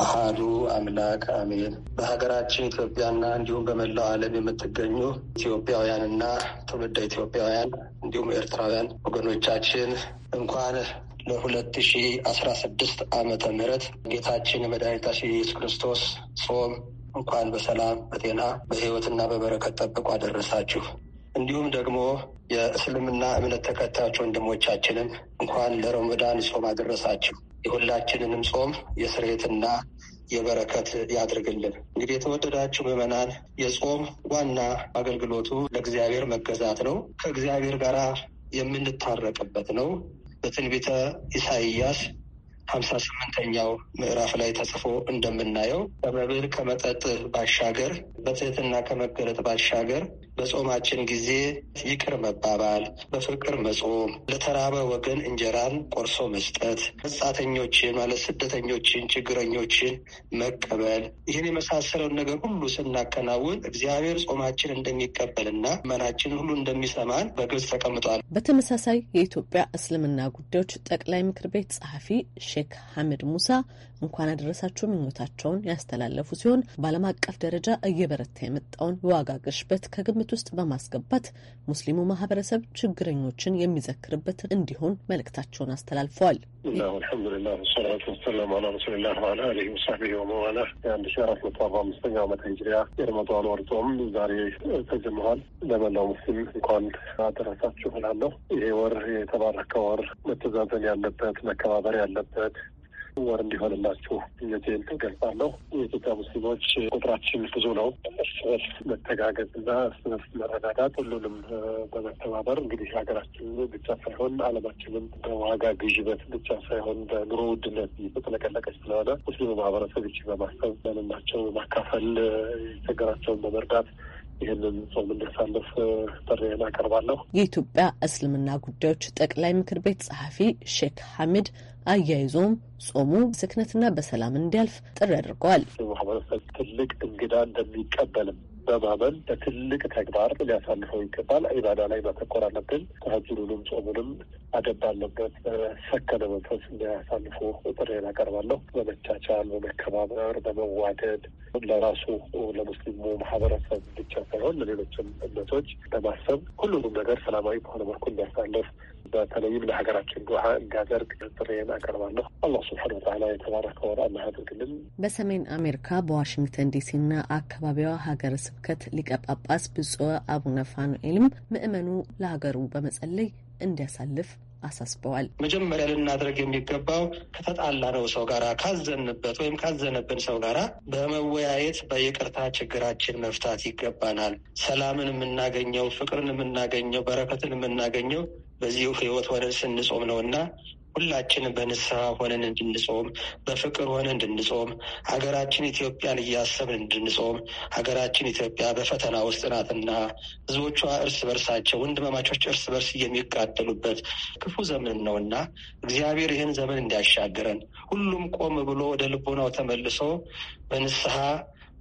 አሃዱ አምላክ አሜን። በሀገራችን ኢትዮጵያና እንዲሁም በመላው ዓለም የምትገኙ ኢትዮጵያውያንና ትውልደ ኢትዮጵያውያን እንዲሁም ኤርትራውያን ወገኖቻችን እንኳን ለሁለት ሺ አስራ ስድስት ዓመተ ምህረት ጌታችን መድኃኒታችን ኢየሱስ ክርስቶስ ጾም እንኳን በሰላም በጤና በሕይወትና በበረከት ጠብቆ አደረሳችሁ። እንዲሁም ደግሞ የእስልምና እምነት ተከታዮች ወንድሞቻችንን እንኳን ለረመዳን ጾም አደረሳችሁ። የሁላችንንም ጾም የስርየትና የበረከት ያድርግልን። እንግዲህ የተወደዳችሁ ምዕመናን፣ የጾም ዋና አገልግሎቱ ለእግዚአብሔር መገዛት ነው። ከእግዚአብሔር ጋር የምንታረቅበት ነው። በትንቢተ ኢሳይያስ ሀምሳ ስምንተኛው ምዕራፍ ላይ ተጽፎ እንደምናየው ከመብል ከመጠጥ ባሻገር በትህትና ከመገለጥ ባሻገር በጾማችን ጊዜ ይቅር መባባል፣ በፍቅር መጾም፣ ለተራበ ወገን እንጀራን ቆርሶ መስጠት፣ መጻተኞችን ማለት ስደተኞችን፣ ችግረኞችን መቀበል ይህን የመሳሰለውን ነገር ሁሉ ስናከናውን እግዚአብሔር ጾማችን እንደሚቀበልና መናችን ሁሉ እንደሚሰማን በግልጽ ተቀምጧል። በተመሳሳይ የኢትዮጵያ እስልምና ጉዳዮች ጠቅላይ ምክር ቤት ጸሐፊ ሼክ ሐሚድ ሙሳ እንኳን አደረሳችሁ ምኞታቸውን ያስተላለፉ ሲሆን በዓለም አቀፍ ደረጃ እየበረታ የመጣውን የዋጋ ግሽበት ከግምት ግምት ውስጥ በማስገባት ሙስሊሙ ማህበረሰብ ችግረኞችን የሚዘክርበት እንዲሆን መልእክታቸውን አስተላልፈዋል። አልሐምዱሊላህ ሰላቱ ወሰላሙ አላ ረሱሊላህ ወመዋላ የአንድ ሺ አራት መቶ አርባ አምስተኛው ሂጅሪያ ወር ጾም ዛሬ ተጀምሯል። ለመላው ሙስሊም እንኳን አደረሳችሁ እላለሁ። ይሄ ወር የተባረከ ወር መተዛዘን ያለበት መከባበር ያለበት ወር እንዲሆንላችሁ እነቴን እገልጻለሁ። የኢትዮጵያ ሙስሊሞች ቁጥራችን ብዙ ነው። እርስ በርስ መተጋገዝ እና እርስ በርስ መረዳዳት፣ ሁሉንም በመተባበር እንግዲህ ሀገራችን ብቻ ሳይሆን ዓለማችንም በዋጋ ግዥበት ብቻ ሳይሆን በኑሮ ውድነት የተጠለቀለቀች ስለሆነ ሙስሊሙ ማህበረሰብ ይቺ በማሰብ ለምናቸው ማካፈል የቸገራቸውን በመርዳት ይህንን ጾም እንዲያሳልፍ ጥሪዬን አቀርባለሁ። የኢትዮጵያ እስልምና ጉዳዮች ጠቅላይ ምክር ቤት ጸሐፊ ሼክ ሐሚድ አያይዞም ጾሙ ስክነትና በሰላም እንዲያልፍ ጥሪ አድርገዋል። ማህበረሰብ ትልቅ እንግዳ እንደሚቀበልም በማመን በትልቅ ተግባር ሊያሳልፈው ይገባል። ኢባዳ ላይ ማተኮር አለብን። ተሀጅሩንም ጾሙንም አደብ ባለበት ሰከነ መንፈስ እንዲያሳልፉ ጥሬን አቀርባለሁ። በመቻቻል፣ በመከባበር፣ በመዋደድ ለራሱ ለሙስሊሙ ማህበረሰብ ብቻ ሳይሆን ለሌሎችም እምነቶች በማሰብ ሁሉንም ነገር ሰላማዊ በሆነ መልኩ እንዲያሳልፍ በተለይም ለሀገራችን ዱዓ እንዲያደርግ ጥሬን አቀርባለሁ። አላህ ስብሐነ ወተዓላ የተባረከ ወር አላህ ያድርግልን። በሰሜን አሜሪካ በዋሽንግተን ዲሲና አካባቢዋ ሀገረ ስብከት ሊቀ ጳጳስ ብፁዕ አቡነ ፋኑኤልም ምእመኑ ለሀገሩ በመጸለይ እንዲያሳልፍ አሳስበዋል። መጀመሪያ ልናደርግ የሚገባው ነው ሰው ጋራ ካዘንበት ወይም ካዘነብን ሰው ጋራ በመወያየት በይቅርታ ችግራችን መፍታት ይገባናል። ሰላምን የምናገኘው፣ ፍቅርን የምናገኘው፣ በረከትን የምናገኘው በዚሁ ህይወት ሆነን ስንጾም እና ሁላችንም በንስሐ ሆነን እንድንጾም በፍቅር ሆነን እንድንጾም ሀገራችን ኢትዮጵያን እያሰብን እንድንጾም ሀገራችን ኢትዮጵያ በፈተና ውስጥ ናትና ህዝቦቿ እርስ በርሳቸው ወንድማማቾች እርስ በርስ የሚቃጠሉበት ክፉ ዘመን ነውና እግዚአብሔር ይህን ዘመን እንዲያሻግረን ሁሉም ቆም ብሎ ወደ ልቦናው ተመልሶ በንስሐ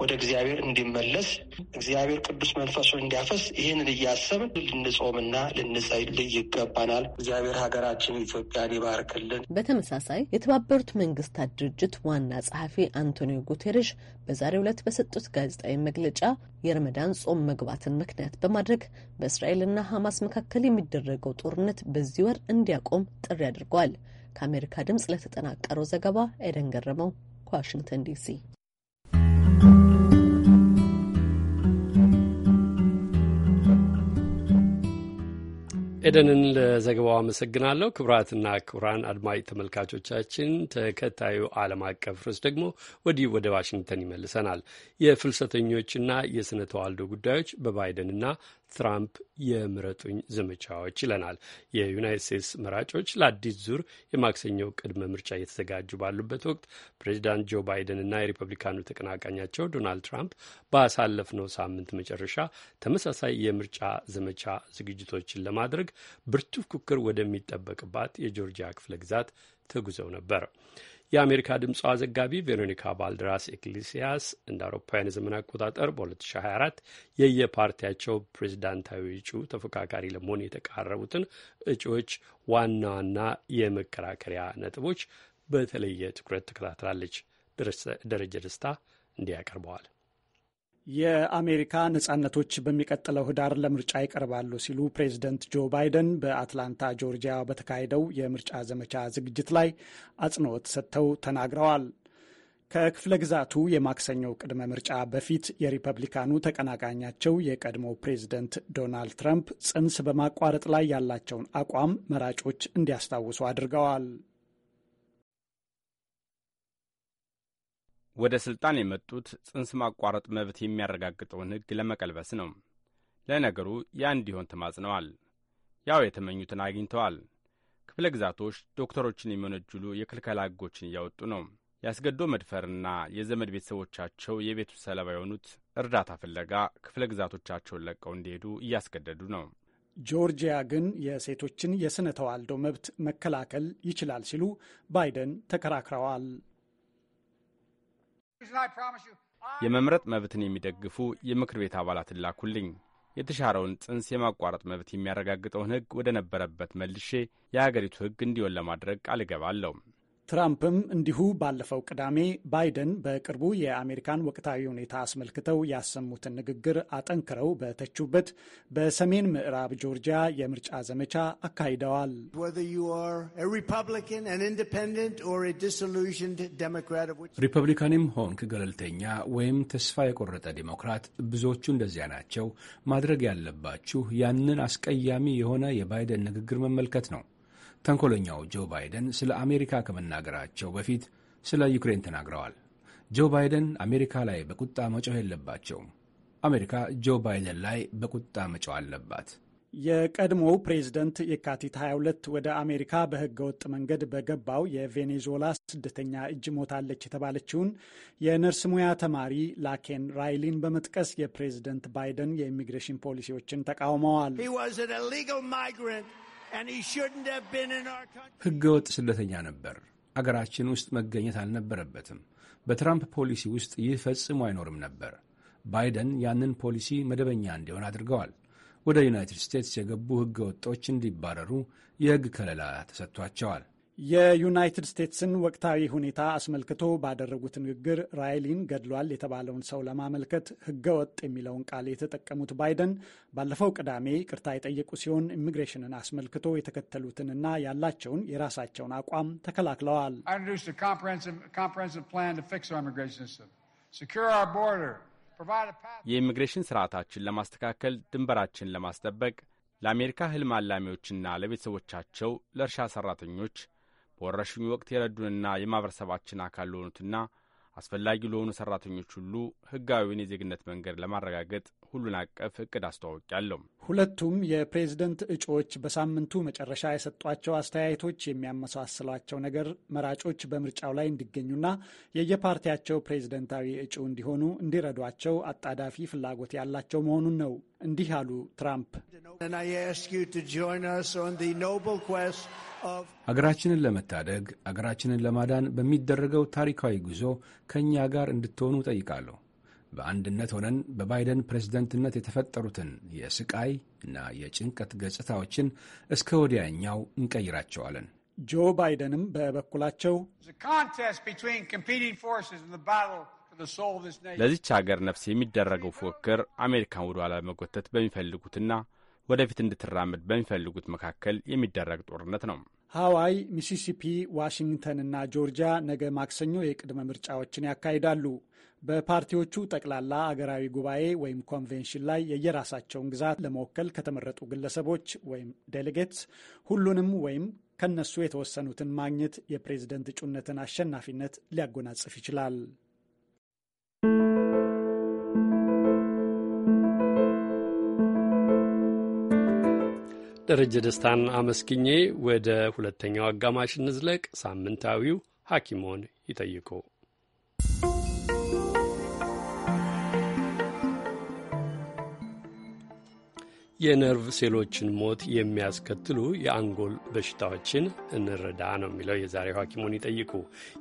ወደ እግዚአብሔር እንዲመለስ እግዚአብሔር ቅዱስ መንፈሱን እንዲያፈስ ይህንን እያሰብን ልንጾምና ልንጸልይ ይገባናል። እግዚአብሔር ሀገራችን ኢትዮጵያን ይባርክልን። በተመሳሳይ የተባበሩት መንግስታት ድርጅት ዋና ጸሐፊ አንቶኒዮ ጉቴሬሽ በዛሬው ዕለት በሰጡት ጋዜጣዊ መግለጫ የረመዳን ጾም መግባትን ምክንያት በማድረግ በእስራኤልና ሐማስ መካከል የሚደረገው ጦርነት በዚህ ወር እንዲያቆም ጥሪ አድርገዋል። ከአሜሪካ ድምፅ ለተጠናቀረው ዘገባ ኤደን ገረመው ከዋሽንግተን ዲሲ ኤደንን ለዘገባው አመሰግናለሁ። ክቡራትና ክቡራን አድማጭ ተመልካቾቻችን ተከታዩ ዓለም አቀፍ ርዕስ ደግሞ ወዲህ ወደ ዋሽንግተን ይመልሰናል። የፍልሰተኞችና የስነ ተዋልዶ ጉዳዮች በባይደንና ትራምፕ የምረጡኝ ዘመቻዎች ይለናል። የዩናይት ስቴትስ መራጮች ለአዲስ ዙር የማክሰኞው ቅድመ ምርጫ እየተዘጋጁ ባሉበት ወቅት ፕሬዚዳንት ጆ ባይደን እና የሪፐብሊካኑ ተቀናቃኛቸው ዶናልድ ትራምፕ ባሳለፍነው ሳምንት መጨረሻ ተመሳሳይ የምርጫ ዘመቻ ዝግጅቶችን ለማድረግ ብርቱ ፉክክር ወደሚጠበቅባት የጆርጂያ ክፍለ ግዛት ተጉዘው ነበር። የአሜሪካ ድምፅ ዘጋቢ ቬሮኒካ ባልድራስ ኤክሊሲያስ እንደ አውሮፓውያን የዘመን አቆጣጠር በ2024 የየፓርቲያቸው ፕሬዚዳንታዊ እጩ ተፎካካሪ ለመሆን የተቃረቡትን እጩዎች ዋና ዋና የመከራከሪያ ነጥቦች በተለየ ትኩረት ትከታተላለች ደረጀ ደስታ እንዲህ ያቀርበዋል። የአሜሪካ ነጻነቶች በሚቀጥለው ህዳር ለምርጫ ይቀርባሉ ሲሉ ፕሬዚደንት ጆ ባይደን በአትላንታ ጆርጂያ በተካሄደው የምርጫ ዘመቻ ዝግጅት ላይ አጽንኦት ሰጥተው ተናግረዋል። ከክፍለ ግዛቱ የማክሰኞው ቅድመ ምርጫ በፊት የሪፐብሊካኑ ተቀናቃኛቸው የቀድሞው ፕሬዚደንት ዶናልድ ትራምፕ ጽንስ በማቋረጥ ላይ ያላቸውን አቋም መራጮች እንዲያስታውሱ አድርገዋል። ወደ ሥልጣን የመጡት ጽንስ ማቋረጥ መብት የሚያረጋግጠውን ሕግ ለመቀልበስ ነው። ለነገሩ ያ እንዲሆን ተማጽነዋል። ያው የተመኙትን አግኝተዋል። ክፍለ ግዛቶች ዶክተሮችን የሚወነጅሉ የክልከላ ሕጎችን እያወጡ ነው። ያስገዶ መድፈርና የዘመድ ቤተሰቦቻቸው የቤቱ ሰለባ የሆኑት እርዳታ ፍለጋ ክፍለ ግዛቶቻቸውን ለቀው እንዲሄዱ እያስገደዱ ነው። ጆርጂያ ግን የሴቶችን የስነ ተዋልዶ መብት መከላከል ይችላል ሲሉ ባይደን ተከራክረዋል። የመምረጥ መብትን የሚደግፉ የምክር ቤት አባላትን ላኩልኝ። የተሻረውን ጽንስ የማቋረጥ መብት የሚያረጋግጠውን ሕግ ወደ ነበረበት መልሼ የአገሪቱ ሕግ እንዲሆን ለማድረግ ቃል እገባለሁ። ትራምፕም እንዲሁ ባለፈው ቅዳሜ ባይደን በቅርቡ የአሜሪካን ወቅታዊ ሁኔታ አስመልክተው ያሰሙትን ንግግር አጠንክረው በተቹበት በሰሜን ምዕራብ ጆርጂያ የምርጫ ዘመቻ አካሂደዋል። ሪፐብሊካንም ሆንክ ገለልተኛ ወይም ተስፋ የቆረጠ ዲሞክራት፣ ብዙዎቹ እንደዚያ ናቸው። ማድረግ ያለባችሁ ያንን አስቀያሚ የሆነ የባይደን ንግግር መመልከት ነው። ተንኮለኛው ጆ ባይደን ስለ አሜሪካ ከመናገራቸው በፊት ስለ ዩክሬን ተናግረዋል። ጆ ባይደን አሜሪካ ላይ በቁጣ መጮህ የለባቸውም። አሜሪካ ጆ ባይደን ላይ በቁጣ መጮህ አለባት። የቀድሞው ፕሬዝደንት የካቲት 22 ወደ አሜሪካ በህገወጥ መንገድ በገባው የቬኔዙዌላ ስደተኛ እጅ ሞታለች የተባለችውን የነርስ ሙያ ተማሪ ላኬን ራይሊን በመጥቀስ የፕሬዝደንት ባይደን የኢሚግሬሽን ፖሊሲዎችን ተቃውመዋል። ህገወጥ ስደተኛ ነበር። አገራችን ውስጥ መገኘት አልነበረበትም። በትራምፕ ፖሊሲ ውስጥ ይህ ፈጽሞ አይኖርም ነበር። ባይደን ያንን ፖሊሲ መደበኛ እንዲሆን አድርገዋል። ወደ ዩናይትድ ስቴትስ የገቡ ህገወጦች ወጦች እንዲባረሩ የህግ ከለላ ተሰጥቷቸዋል። የዩናይትድ ስቴትስን ወቅታዊ ሁኔታ አስመልክቶ ባደረጉት ንግግር ራይሊን ገድሏል የተባለውን ሰው ለማመልከት ህገወጥ የሚለውን ቃል የተጠቀሙት ባይደን ባለፈው ቅዳሜ ቅርታ የጠየቁ ሲሆን ኢሚግሬሽንን አስመልክቶ የተከተሉትንና ያላቸውን የራሳቸውን አቋም ተከላክለዋል። የኢሚግሬሽን ስርዓታችን ለማስተካከል፣ ድንበራችን ለማስጠበቅ፣ ለአሜሪካ ህልም አላሚዎችና ለቤተሰቦቻቸው፣ ለእርሻ ሰራተኞች በወረርሽኙ ወቅት የረዱንና የማህበረሰባችን አካል ለሆኑትና አስፈላጊ ለሆኑ ሠራተኞች ሁሉ ሕጋዊውን የዜግነት መንገድ ለማረጋገጥ ሁሉን አቀፍ እቅድ አስተዋውቂያለሁ። ሁለቱም የፕሬዝደንት እጩዎች በሳምንቱ መጨረሻ የሰጧቸው አስተያየቶች የሚያመሳስሏቸው ነገር መራጮች በምርጫው ላይ እንዲገኙና የየፓርቲያቸው ፕሬዝደንታዊ እጩ እንዲሆኑ እንዲረዷቸው አጣዳፊ ፍላጎት ያላቸው መሆኑን ነው። እንዲህ አሉ ትራምፕ አገራችንን ለመታደግ አገራችንን ለማዳን በሚደረገው ታሪካዊ ጉዞ ከእኛ ጋር እንድትሆኑ ጠይቃለሁ። በአንድነት ሆነን በባይደን ፕሬዝደንትነት የተፈጠሩትን የስቃይ እና የጭንቀት ገጽታዎችን እስከ ወዲያኛው እንቀይራቸዋለን። ጆ ባይደንም በበኩላቸው ለዚች ሀገር ነፍስ የሚደረገው ፉክክር አሜሪካን ወደ ኋላ ለመጎተት በሚፈልጉትና ወደፊት እንድትራመድ በሚፈልጉት መካከል የሚደረግ ጦርነት ነው። ሃዋይ፣ ሚሲሲፒ፣ ዋሽንግተን እና ጆርጂያ ነገ ማክሰኞ የቅድመ ምርጫዎችን ያካሂዳሉ። በፓርቲዎቹ ጠቅላላ አገራዊ ጉባኤ ወይም ኮንቬንሽን ላይ የየራሳቸውን ግዛት ለመወከል ከተመረጡ ግለሰቦች ወይም ዴሌጌትስ ሁሉንም ወይም ከነሱ የተወሰኑትን ማግኘት የፕሬዝደንት እጩነትን አሸናፊነት ሊያጎናጽፍ ይችላል። ደረጀ ደስታን አመስግኜ ወደ ሁለተኛው አጋማሽ እንዝለቅ። ሳምንታዊው ሐኪሞን ይጠይቁ የነርቭ ሴሎችን ሞት የሚያስከትሉ የአንጎል በሽታዎችን እንረዳ ነው የሚለው የዛሬው ሐኪሙን ይጠይቁ።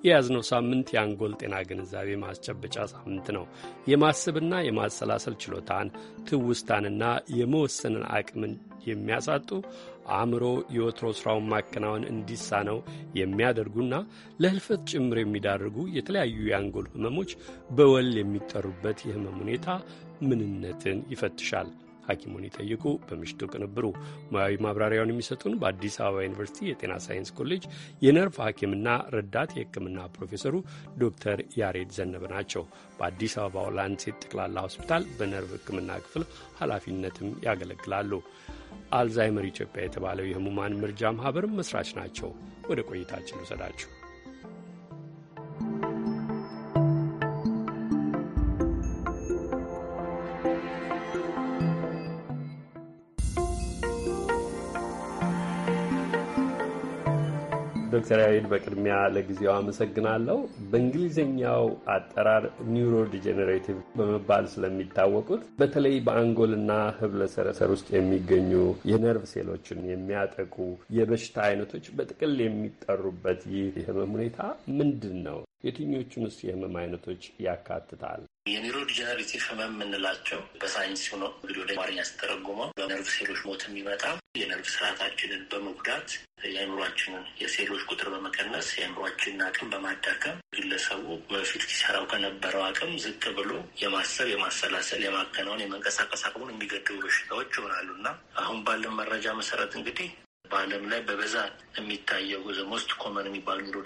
የያዝነው ሳምንት የአንጎል ጤና ግንዛቤ ማስጨበጫ ሳምንት ነው። የማሰብና የማሰላሰል ችሎታን ትውስታንና የመወሰንን አቅምን የሚያሳጡ አእምሮ የወትሮ ሥራውን ማከናወን እንዲሳነው የሚያደርጉና ለህልፈት ጭምር የሚዳርጉ የተለያዩ የአንጎል ህመሞች በወል የሚጠሩበት የህመም ሁኔታ ምንነትን ይፈትሻል። ሐኪሙን ይጠይቁ በምሽቱ ቅንብሩ ሙያዊ ማብራሪያውን የሚሰጡን በአዲስ አበባ ዩኒቨርሲቲ የጤና ሳይንስ ኮሌጅ የነርፍ ሐኪምና ረዳት የሕክምና ፕሮፌሰሩ ዶክተር ያሬድ ዘነበ ናቸው። በአዲስ አበባው ላንሴት ጠቅላላ ሆስፒታል በነርቭ ሕክምና ክፍል ኃላፊነትም ያገለግላሉ። አልዛይመር ኢትዮጵያ የተባለው የህሙማን ምርጃ ማህበር መስራች ናቸው። ወደ ቆይታችን ውሰዳችሁ። ዶክተር ያሬድ በቅድሚያ ለጊዜው አመሰግናለሁ። በእንግሊዝኛው አጠራር ኒውሮ ዲጀነሬቲቭ በመባል ስለሚታወቁት በተለይ በአንጎልና ህብለ ሰረሰር ውስጥ የሚገኙ የነርቭ ሴሎችን የሚያጠቁ የበሽታ አይነቶች በጥቅል የሚጠሩበት ይህ የህመም ሁኔታ ምንድን ነው? የትኞቹንስ የህመም አይነቶች ያካትታል? የኒሮ ዲጀነሬቲቭ ህመም የምንላቸው በሳይንስ ሆኖ እንግዲህ ወደ አማርኛ ስተረጉመው በነርቭ ሴሎች ሞት የሚመጣ የነርቭ ስርዓታችንን በመጉዳት የአእምሯችንን የሴሎች ቁጥር በመቀነስ የአእምሯችንን አቅም በማዳከም ግለሰቡ በፊት ሲሰራው ከነበረው አቅም ዝቅ ብሎ የማሰብ፣ የማሰላሰል፣ የማከናወን፣ የመንቀሳቀስ አቅሙን የሚገድቡ በሽታዎች ይሆናሉ እና አሁን ባለን መረጃ መሰረት እንግዲህ በዓለም ላይ በብዛት የሚታየው ዘ ሞስት ኮመን የሚባሉ ኒውሮ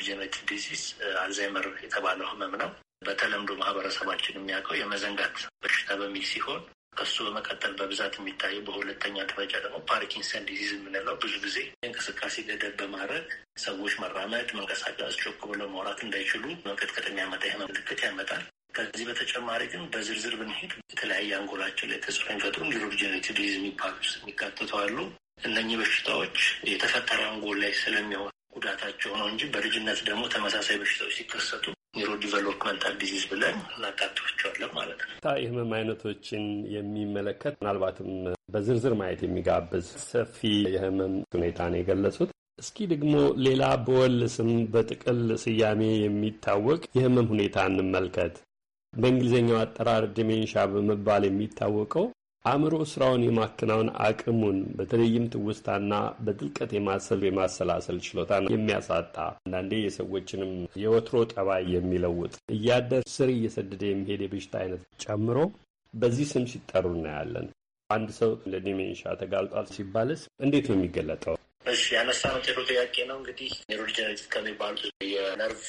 ዲዚዝ አልዛይመር የተባለው ህመም ነው። በተለምዶ ማህበረሰባችን የሚያውቀው የመዘንጋት በሽታ በሚል ሲሆን ከሱ በመቀጠል በብዛት የሚታየው በሁለተኛ ደረጃ ደግሞ ፓርኪንሰን ዲዚዝ የምንለው ብዙ ጊዜ እንቅስቃሴ ገደብ በማድረግ ሰዎች መራመድ፣ መንቀሳቀስ፣ ጮክ ብለው መውራት እንዳይችሉ መንቀጥቀጥ የሚያመጣ ይህ ምልክት ያመጣል። ከዚህ በተጨማሪ ግን በዝርዝር ብንሄድ የተለያየ አንጎላችን ላይ ተጽዕኖ የሚፈጥሩ ኒውሮጀኔቲ ዲዚዝ የሚባሉ የሚካተቱ አሉ። እነኚህ በሽታዎች የተፈጠረ አንጎል ላይ ስለሚሆን ጉዳታቸው ነው እንጂ በልጅነት ደግሞ ተመሳሳይ በሽታዎች ሲከሰቱ ኒውሮ ዲቨሎፕመንታል ዲዚዝ ብለን እናካትቸዋለን ማለት ነው። የህመም አይነቶችን የሚመለከት ምናልባትም በዝርዝር ማየት የሚጋብዝ ሰፊ የህመም ሁኔታ ነው የገለጹት። እስኪ ደግሞ ሌላ በወል ስም በጥቅል ስያሜ የሚታወቅ የህመም ሁኔታ እንመልከት። በእንግሊዝኛው አጠራር ዲሜንሻ በመባል የሚታወቀው አእምሮ ስራውን የማከናወን አቅሙን በተለይም ትውስታና በጥልቀት የማሰብ የማሰላሰል ችሎታ የሚያሳጣ አንዳንዴ የሰዎችንም የወትሮ ጠባይ የሚለውጥ እያደር ስር እየሰደደ የሚሄድ የበሽታ አይነት ጨምሮ በዚህ ስም ሲጠሩ እናያለን። አንድ ሰው ለዲሜንሻ ተጋልጧል ሲባልስ እንዴት ነው የሚገለጠው? እሺ ነው ጥሩ ጥያቄ ነው። እንግዲህ ኒውሮዲጀነሬቲቭ ከሚባሉት የነርቭ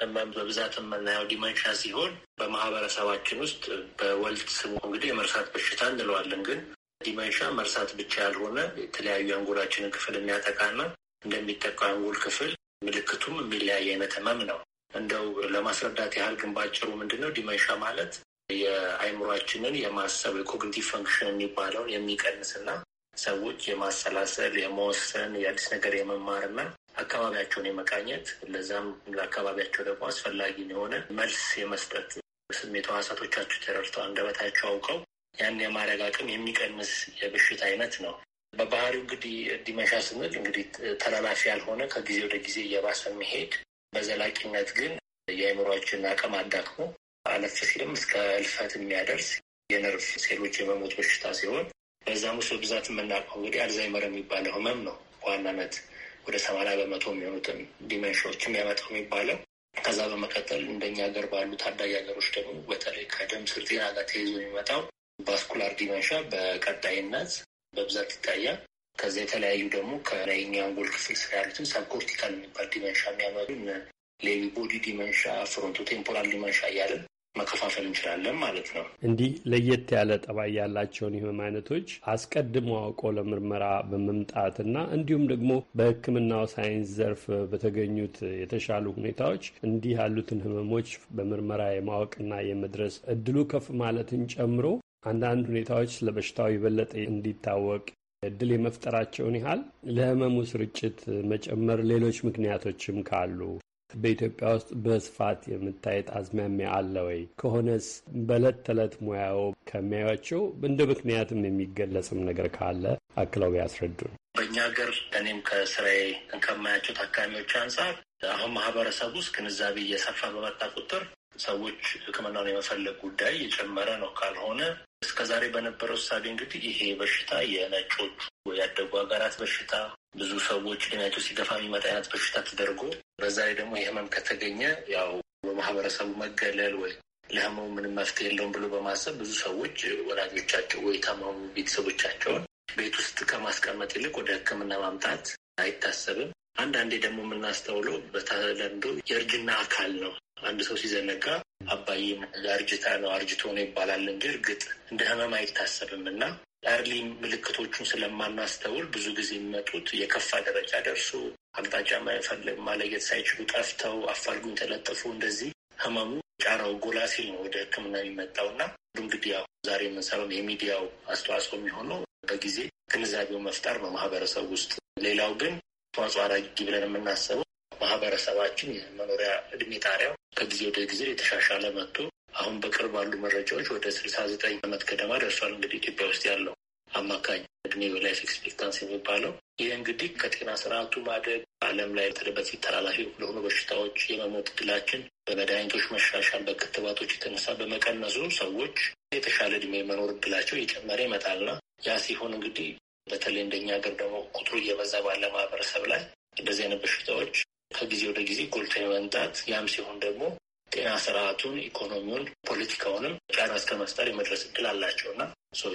ህመም በብዛት የምናየው ዲመንሻ ሲሆን በማህበረሰባችን ውስጥ በወልድ ስሙ እንግዲህ የመርሳት በሽታ እንለዋለን። ግን ዲመንሻ መርሳት ብቻ ያልሆነ የተለያዩ አንጎላችንን ክፍል የሚያጠቃና እንደሚጠቃ አንጎል ክፍል ምልክቱም የሚለያይ አይነት ህመም ነው። እንደው ለማስረዳት ያህል ግን ባጭሩ ምንድን ነው ዲመንሻ ማለት የአይምሯችንን የማሰብ የኮግኒቲቭ ፈንክሽን የሚባለውን የሚቀንስና ሰዎች የማሰላሰል፣ የመወሰን፣ የአዲስ ነገር የመማርና አካባቢያቸውን የመቃኘት ለዛም ለአካባቢያቸው ደግሞ አስፈላጊ የሆነ መልስ የመስጠት ስሜት ሕዋሳቶቻቸው ተረድተው አንደበታቸው አውቀው ያን የማድረግ አቅም የሚቀንስ የበሽታ አይነት ነው። በባህሪው እንግዲህ ዲመንሻ ስንል እንግዲህ ተላላፊ ያልሆነ ከጊዜ ወደ ጊዜ እየባሰ መሄድ በዘላቂነት ግን የአእምሯችንን አቅም አዳክሞ አለፍ ሲልም እስከ እልፈት የሚያደርስ የነርቭ ሴሎች የመሞት በሽታ ሲሆን በዛም ውስጥ በብዛት የምናውቀው እንግዲህ አልዛይመር የሚባለው ህመም ነው በዋናነት ወደ ሰማንያ በመቶ የሚሆኑትን ዲሜንሽዎች የሚያመጣው የሚባለው። ከዛ በመቀጠል እንደኛ ሀገር ባሉ ታዳጊ ሀገሮች ደግሞ በተለይ ከደም ስር ጤና ጋር ተይዞ የሚመጣው ቫስኩላር ዲሜንሻ በቀጣይነት በብዛት ይታያል። ከዚ የተለያዩ ደግሞ ከላይኛ አንጎል ክፍል ስር ያሉትን ሳብኮርቲካል የሚባል ዲመንሻ የሚያመሩ ሌዊ ቦዲ ዲመንሻ፣ ፍሮንቶ ቴምፖራል ዲመንሻ እያለን መከፋፈል እንችላለን ማለት ነው። እንዲህ ለየት ያለ ጠባይ ያላቸውን የህመም አይነቶች አስቀድሞ አውቆ ለምርመራ በመምጣትና እንዲሁም ደግሞ በሕክምናው ሳይንስ ዘርፍ በተገኙት የተሻሉ ሁኔታዎች እንዲህ ያሉትን ህመሞች በምርመራ የማወቅና የመድረስ እድሉ ከፍ ማለትን ጨምሮ አንዳንድ ሁኔታዎች ለበሽታው የበለጠ እንዲታወቅ እድል የመፍጠራቸውን ያህል ለህመሙ ስርጭት መጨመር ሌሎች ምክንያቶችም ካሉ በኢትዮጵያ ውስጥ በስፋት የምታየት አዝማሚያ አለ ወይ? ከሆነስ በእለት ተዕለት ሙያው ከሚያያቸው እንደ ምክንያትም የሚገለጽም ነገር ካለ አክለው ያስረዱን። በእኛ ሀገር እኔም ከስራዬ ከማያቸው ታካሚዎች አንጻር አሁን ማህበረሰብ ውስጥ ግንዛቤ እየሰፋ በመጣ ቁጥር ሰዎች ሕክምናውን የመፈለግ ጉዳይ የጨመረ ነው። ካልሆነ እስከዛሬ በነበረው እሳቤ እንግዲህ ይሄ በሽታ የነጮቹ ያደጉ ሀገራት በሽታ ብዙ ሰዎች እድሜያቸው ሲገፋ የሚመጣ አይነት በሽታ ተደርጎ በዛ ላይ ደግሞ የህመም ከተገኘ ያው በማህበረሰቡ መገለል ወይ ለህመሙ ምንም መፍትሄ የለውም ብሎ በማሰብ ብዙ ሰዎች ወላጆቻቸው ወይ ታማሙ ቤተሰቦቻቸውን ቤት ውስጥ ከማስቀመጥ ይልቅ ወደ ሕክምና ማምጣት አይታሰብም። አንዳንዴ ደግሞ የምናስተውለው በተለምዶ የእርጅና አካል ነው። አንድ ሰው ሲዘነጋ አባዬ አርጅታ ነው አርጅቶ ነው ይባላል እንጂ እርግጥ እንደ ህመም አይታሰብም እና ኤርሊ ምልክቶቹን ስለማናስተውል ብዙ ጊዜ የሚመጡት የከፋ ደረጃ ደርሶ አቅጣጫ መፈለግ ማለየት ሳይችሉ ጠፍተው አፋልጉኝ ተለጠፉ። እንደዚህ ህመሙ ጫራው ጎላ ሲል ነው ወደ ህክምና የሚመጣው እና እንግዲህ ያው ዛሬ የምንሰራው የሚዲያው አስተዋጽኦ የሚሆነው በጊዜ ግንዛቤው መፍጠር በማህበረሰብ ውስጥ ሌላው ግን አራጊ ብለን የምናስበው ማህበረሰባችን የመኖሪያ እድሜ ጣሪያው ከጊዜ ወደ ጊዜ የተሻሻለ መጥቶ አሁን በቅርብ ባሉ መረጃዎች ወደ ስልሳ ዘጠኝ ዓመት ገደማ ደርሷል። እንግዲህ ኢትዮጵያ ውስጥ ያለው አማካኝ እድሜ ላይፍ ኤክስፔክታንስ የሚባለው ይህ እንግዲህ ከጤና ስርዓቱ ማደግ ዓለም ላይ በተለይ ተላላፊ ለሆኑ በሽታዎች የመሞት እድላችን በመድኃኒቶች መሻሻል፣ በክትባቶች የተነሳ በመቀነሱ ሰዎች የተሻለ እድሜ የመኖር እድላቸው እየጨመረ ይመጣልና ያ ሲሆን እንግዲህ በተለይ እንደኛ ሀገር ደግሞ ቁጥሩ እየበዛ ባለ ማህበረሰብ ላይ እንደዚህ አይነት በሽታዎች ከጊዜ ወደ ጊዜ ጎልቶ የመምጣት ያም ሲሆን ደግሞ ጤና ስርዓቱን፣ ኢኮኖሚውን፣ ፖለቲካውንም ጫና እስከ መፍጠር የመድረስ እድል አላቸው እና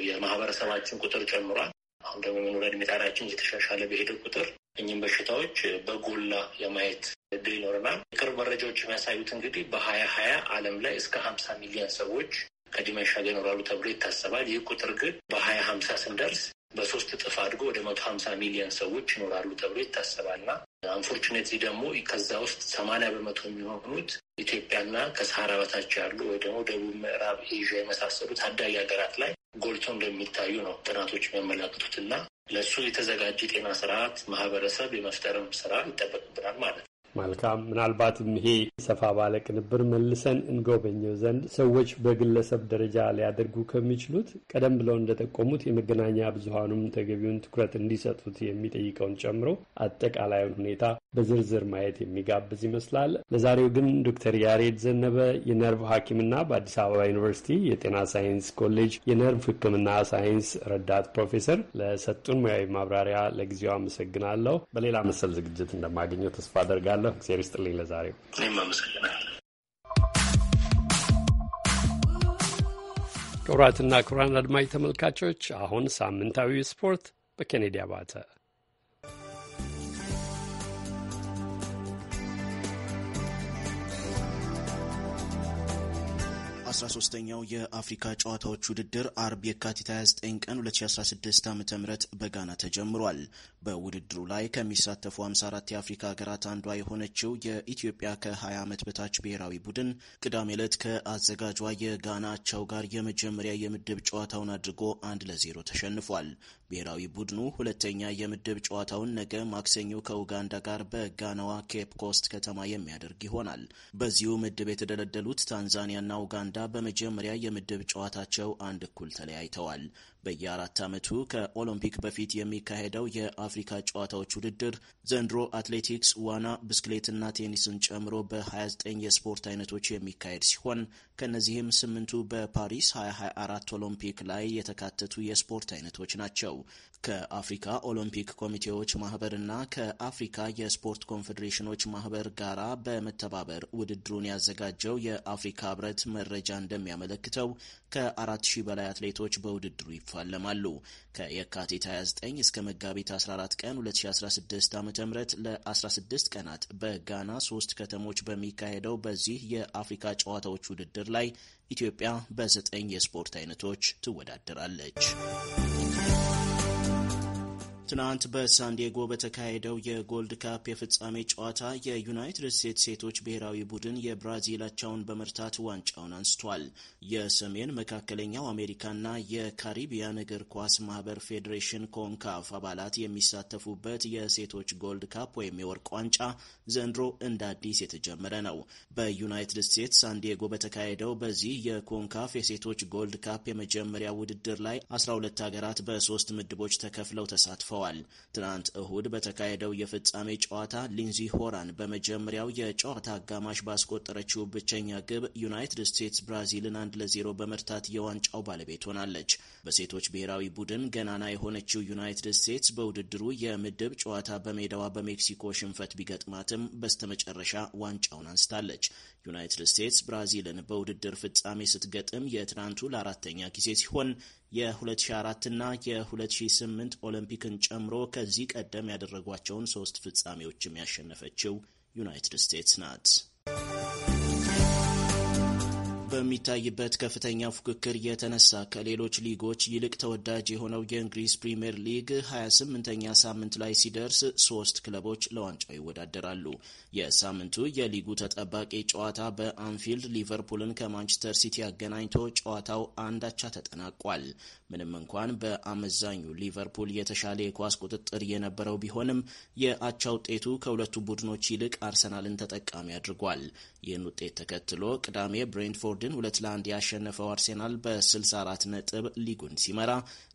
የማህበረሰባችን ቁጥር ጨምሯል። አሁን ደግሞ የመኖሪያ ዕድሜ ጣሪያችን እየተሻሻለ በሄደ ቁጥር እኚህም በሽታዎች በጎላ የማየት እድል ይኖረናል። የቅርብ መረጃዎች የሚያሳዩት እንግዲህ በሀያ ሀያ ዓለም ላይ እስከ ሀምሳ ሚሊዮን ሰዎች ከዲመንሻ ጋር ይኖራሉ ተብሎ ይታሰባል። ይህ ቁጥር ግን በሀያ ሀምሳ ስንደርስ በሶስት እጥፍ አድጎ ወደ መቶ ሀምሳ ሚሊዮን ሰዎች ይኖራሉ ተብሎ ይታሰባልና አንፎርቹኔት ደግሞ ከዛ ውስጥ ሰማንያ በመቶ የሚሆኑት ኢትዮጵያና ከሰሃራ በታች ያሉ ወይ ደግሞ ደቡብ ምዕራብ ኤዥያ የመሳሰሉ ታዳጊ ሀገራት ላይ ጎልቶ እንደሚታዩ ነው ጥናቶች የሚያመላክቱት እና ለእሱ የተዘጋጀ ጤና ስርዓት ማህበረሰብ የመፍጠርም ስራ ይጠበቅብናል ማለት ነው። መልካም። ምናልባትም ይሄ ሰፋ ባለ ቅንብር መልሰን እንጎበኘው ዘንድ ሰዎች በግለሰብ ደረጃ ሊያደርጉ ከሚችሉት ቀደም ብለው እንደጠቆሙት የመገናኛ ብዙሀኑም ተገቢውን ትኩረት እንዲሰጡት የሚጠይቀውን ጨምሮ አጠቃላዩን ሁኔታ በዝርዝር ማየት የሚጋብዝ ይመስላል። ለዛሬው ግን ዶክተር ያሬድ ዘነበ የነርቭ ሀኪምና በአዲስ አበባ ዩኒቨርሲቲ የጤና ሳይንስ ኮሌጅ የነርቭ ህክምና ሳይንስ ረዳት ፕሮፌሰር ለሰጡን ሙያዊ ማብራሪያ ለጊዜው አመሰግናለሁ። በሌላ መሰል ዝግጅት እንደማገኘው ተስፋ አደርጋለሁ። አመሰግናለሁ። እግዚአብሔር ይስጥልኝ። ለዛሬው እኔም አመሰግናለሁ። ክቡራትና ክቡራን አድማጭ ተመልካቾች አሁን ሳምንታዊ ስፖርት በኬኔዲ አባተ 13ኛው የአፍሪካ ጨዋታዎች ውድድር አርብ የካቲት 29 ቀን 2016 ዓ ም በጋና ተጀምሯል። በውድድሩ ላይ ከሚሳተፉ 54 የአፍሪካ ሀገራት አንዷ የሆነችው የኢትዮጵያ ከ20 ዓመት በታች ብሔራዊ ቡድን ቅዳሜ ዕለት ከአዘጋጇ የጋና አቻው ጋር የመጀመሪያ የምድብ ጨዋታውን አድርጎ አንድ ለዜሮ ተሸንፏል። ብሔራዊ ቡድኑ ሁለተኛ የምድብ ጨዋታውን ነገ ማክሰኞ ከኡጋንዳ ጋር በጋናዋ ኬፕ ኮስት ከተማ የሚያደርግ ይሆናል። በዚሁ ምድብ የተደለደሉት ታንዛኒያና ኡጋንዳ በመጀመሪያ የምድብ ጨዋታቸው አንድ እኩል ተለያይተዋል። በየአራት ዓመቱ ከኦሎምፒክ በፊት የሚካሄደው የአፍሪካ ጨዋታዎች ውድድር ዘንድሮ አትሌቲክስ፣ ዋና፣ ብስክሌትና ቴኒስን ጨምሮ በ29 የስፖርት አይነቶች የሚካሄድ ሲሆን ከእነዚህም ስምንቱ በፓሪስ 2024 ኦሎምፒክ ላይ የተካተቱ የስፖርት አይነቶች ናቸው። ከአፍሪካ ኦሎምፒክ ኮሚቴዎች ማህበርና ከአፍሪካ የስፖርት ኮንፌዴሬሽኖች ማህበር ጋራ በመተባበር ውድድሩን ያዘጋጀው የአፍሪካ ህብረት መረጃ እንደሚያመለክተው ከአራት ሺህ በላይ አትሌቶች በውድድሩ ይፋል። ይፋለማሉ። ከየካቲት 29 እስከ መጋቢት 14 ቀን 2016 ዓ ም ለ16 ቀናት በጋና ሶስት ከተሞች በሚካሄደው በዚህ የአፍሪካ ጨዋታዎች ውድድር ላይ ኢትዮጵያ በዘጠኝ የስፖርት አይነቶች ትወዳደራለች። ትናንት በሳንዲጎ በተካሄደው የጎልድ ካፕ የፍጻሜ ጨዋታ የዩናይትድ ስቴትስ ሴቶች ብሔራዊ ቡድን የብራዚላቸውን በመርታት ዋንጫውን አንስቷል። የሰሜን መካከለኛው አሜሪካና የካሪቢያን እግር ኳስ ማህበር ፌዴሬሽን ኮንካፍ አባላት የሚሳተፉበት የሴቶች ጎልድ ካፕ ወይም የወርቅ ዋንጫ ዘንድሮ እንደ አዲስ የተጀመረ ነው። በዩናይትድ ስቴትስ ሳንዲያጎ በተካሄደው በዚህ የኮንካፍ የሴቶች ጎልድ ካፕ የመጀመሪያ ውድድር ላይ 12 ሀገራት በሶስት ምድቦች ተከፍለው ተሳትፈዋል። አሸንፈዋል። ትናንት እሁድ በተካሄደው የፍጻሜ ጨዋታ ሊንዚ ሆራን በመጀመሪያው የጨዋታ አጋማሽ ባስቆጠረችው ብቸኛ ግብ ዩናይትድ ስቴትስ ብራዚልን አንድ ለዜሮ በመርታት የዋንጫው ባለቤት ሆናለች። በሴቶች ብሔራዊ ቡድን ገናና የሆነችው ዩናይትድ ስቴትስ በውድድሩ የምድብ ጨዋታ በሜዳዋ በሜክሲኮ ሽንፈት ቢገጥማትም በስተመጨረሻ ዋንጫውን አንስታለች። ዩናይትድ ስቴትስ ብራዚልን በውድድር ፍጻሜ ስትገጥም የትናንቱ ለአራተኛ ጊዜ ሲሆን የ2004 እና የ2008 ኦሎምፒክን ጨምሮ ከዚህ ቀደም ያደረጓቸውን ሶስት ፍጻሜዎችም ያሸነፈችው ዩናይትድ ስቴትስ ናት። በሚታይበት ከፍተኛ ፉክክር የተነሳ ከሌሎች ሊጎች ይልቅ ተወዳጅ የሆነው የእንግሊዝ ፕሪምየር ሊግ 28ኛ ሳምንት ላይ ሲደርስ ሶስት ክለቦች ለዋንጫው ይወዳደራሉ። የሳምንቱ የሊጉ ተጠባቂ ጨዋታ በአንፊልድ ሊቨርፑልን ከማንቸስተር ሲቲ አገናኝቶ ጨዋታው አንድ አቻ ተጠናቋል። ምንም እንኳን በአመዛኙ ሊቨርፑል የተሻለ የኳስ ቁጥጥር የነበረው ቢሆንም የአቻ ውጤቱ ከሁለቱ ቡድኖች ይልቅ አርሰናልን ተጠቃሚ አድርጓል። ይህን ውጤት ተከትሎ ቅዳሜ ብሬንትፎርድን ሁለት ለአንድ ያሸነፈው አርሴናል በ64 ነጥብ ሊጉን ሲመራ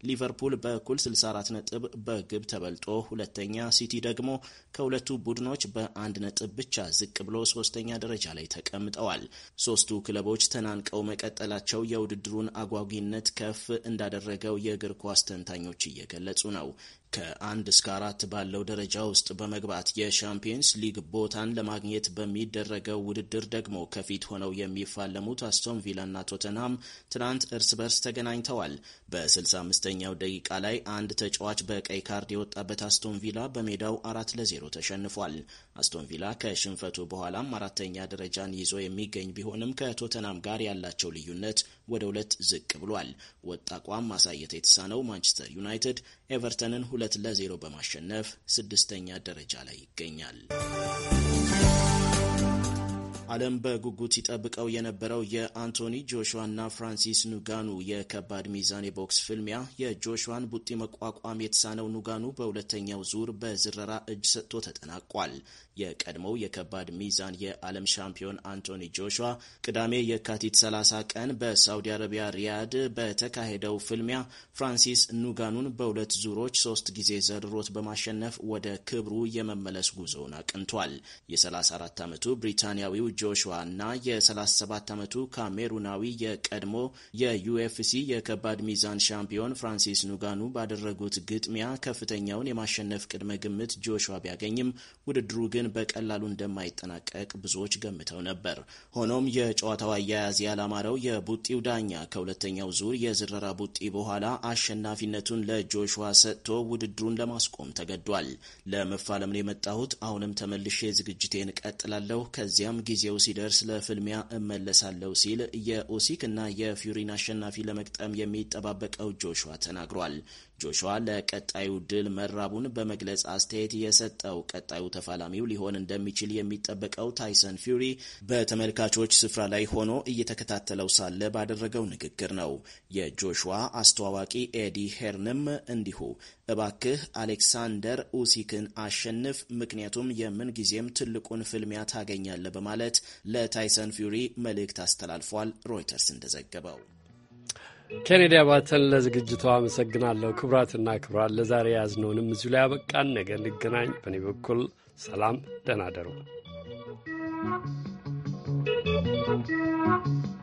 ሊቨርፑል በእኩል 64 ነጥብ በግብ ተበልጦ ሁለተኛ፣ ሲቲ ደግሞ ከሁለቱ ቡድኖች በአንድ ነጥብ ብቻ ዝቅ ብሎ ሶስተኛ ደረጃ ላይ ተቀምጠዋል። ሶስቱ ክለቦች ተናንቀው መቀጠላቸው የውድድሩን አጓጊነት ከፍ እንዳደረገው የእግር ኳስ ተንታኞች እየገለጹ ነው። ከአንድ እስከ አራት ባለው ደረጃ ውስጥ በመግባት የሻምፒየንስ ሊግ ቦታን ለማግኘት በሚደረገው ውድድር ደግሞ ከፊት ሆነው የሚፋለሙት አስቶን ቪላና ቶተንሃም ትናንት እርስ በርስ ተገናኝተዋል። በ65ኛው ደቂቃ ላይ አንድ ተጫዋች በቀይ ካርድ የወጣበት አስቶን ቪላ በሜዳው አራት ለዜሮ ተሸንፏል። አስቶን ቪላ ከሽንፈቱ በኋላም አራተኛ ደረጃን ይዞ የሚገኝ ቢሆንም ከቶተናም ጋር ያላቸው ልዩነት ወደ ሁለት ዝቅ ብሏል። ወጥ አቋም ማሳየት የተሳነው ማንቸስተር ዩናይትድ ኤቨርተንን ሁለት ለዜሮ በማሸነፍ ስድስተኛ ደረጃ ላይ ይገኛል። ዓለም በጉጉት ይጠብቀው የነበረው የአንቶኒ እና ፍራንሲስ ኑጋኑ የከባድ ሚዛን የቦክስ ፍልሚያ የጆሹዋን ቡጢ መቋቋም የተሳነው ኑጋኑ በሁለተኛው ዙር በዝረራ እጅ ሰጥቶ ተጠናቋል። የቀድሞው የከባድ ሚዛን የዓለም ሻምፒዮን አንቶኒ ጆሹዋ ቅዳሜ የካቲት 30 ቀን በሳውዲ አረቢያ ሪያድ በተካሄደው ፍልሚያ ፍራንሲስ ኑጋኑን በሁለት ዙሮች ሶስት ጊዜ ዘርሮት በማሸነፍ ወደ ክብሩ የመመለስ ጉዞውን አቅንቷል። የ34 ዓመቱ ብሪታንያዊው ጆሹዋ እና የ37 ዓመቱ ካሜሩናዊ የቀድሞ የዩኤፍሲ የከባድ ሚዛን ሻምፒዮን ፍራንሲስ ኑጋኑ ባደረጉት ግጥሚያ ከፍተኛውን የማሸነፍ ቅድመ ግምት ጆሹዋ ቢያገኝም ውድድሩ ግን በቀላሉ እንደማይጠናቀቅ ብዙዎች ገምተው ነበር። ሆኖም የጨዋታው አያያዝ ያላማረው የቡጢው ዳኛ ከሁለተኛው ዙር የዝረራ ቡጢ በኋላ አሸናፊነቱን ለጆሹዋ ሰጥቶ ውድድሩን ለማስቆም ተገዷል። ለመፋለምን የመጣሁት። አሁንም ተመልሼ ዝግጅቴን ቀጥላለሁ። ከዚያም ጊዜ ጊዜው ሲደርስ ለፍልሚያ እመለሳለሁ ሲል የኦሲክ እና የፊዩሪን አሸናፊ ለመቅጠም የሚጠባበቀው ጆሹዋ ተናግሯል። ጆሹዋ ለቀጣዩ ድል መራቡን በመግለጽ አስተያየት የሰጠው ቀጣዩ ተፋላሚው ሊሆን እንደሚችል የሚጠበቀው ታይሰን ፊውሪ በተመልካቾች ስፍራ ላይ ሆኖ እየተከታተለው ሳለ ባደረገው ንግግር ነው። የጆሹዋ አስተዋዋቂ ኤዲ ሄርንም እንዲሁ እባክህ አሌክሳንደር ኡሲክን አሸንፍ፣ ምክንያቱም የምንጊዜም ትልቁን ፍልሚያ ታገኛለህ በማለት ለታይሰን ፊውሪ መልእክት አስተላልፏል። ሮይተርስ እንደዘገበው ኬኔዲ አባተን ለዝግጅቱ አመሰግናለሁ። ክቡራትና ክቡራን ለዛሬ ያዝነውንም እዚሁ ላይ ያበቃን። ነገ እንገናኝ። በእኔ በኩል ሰላም፣ ደህና you.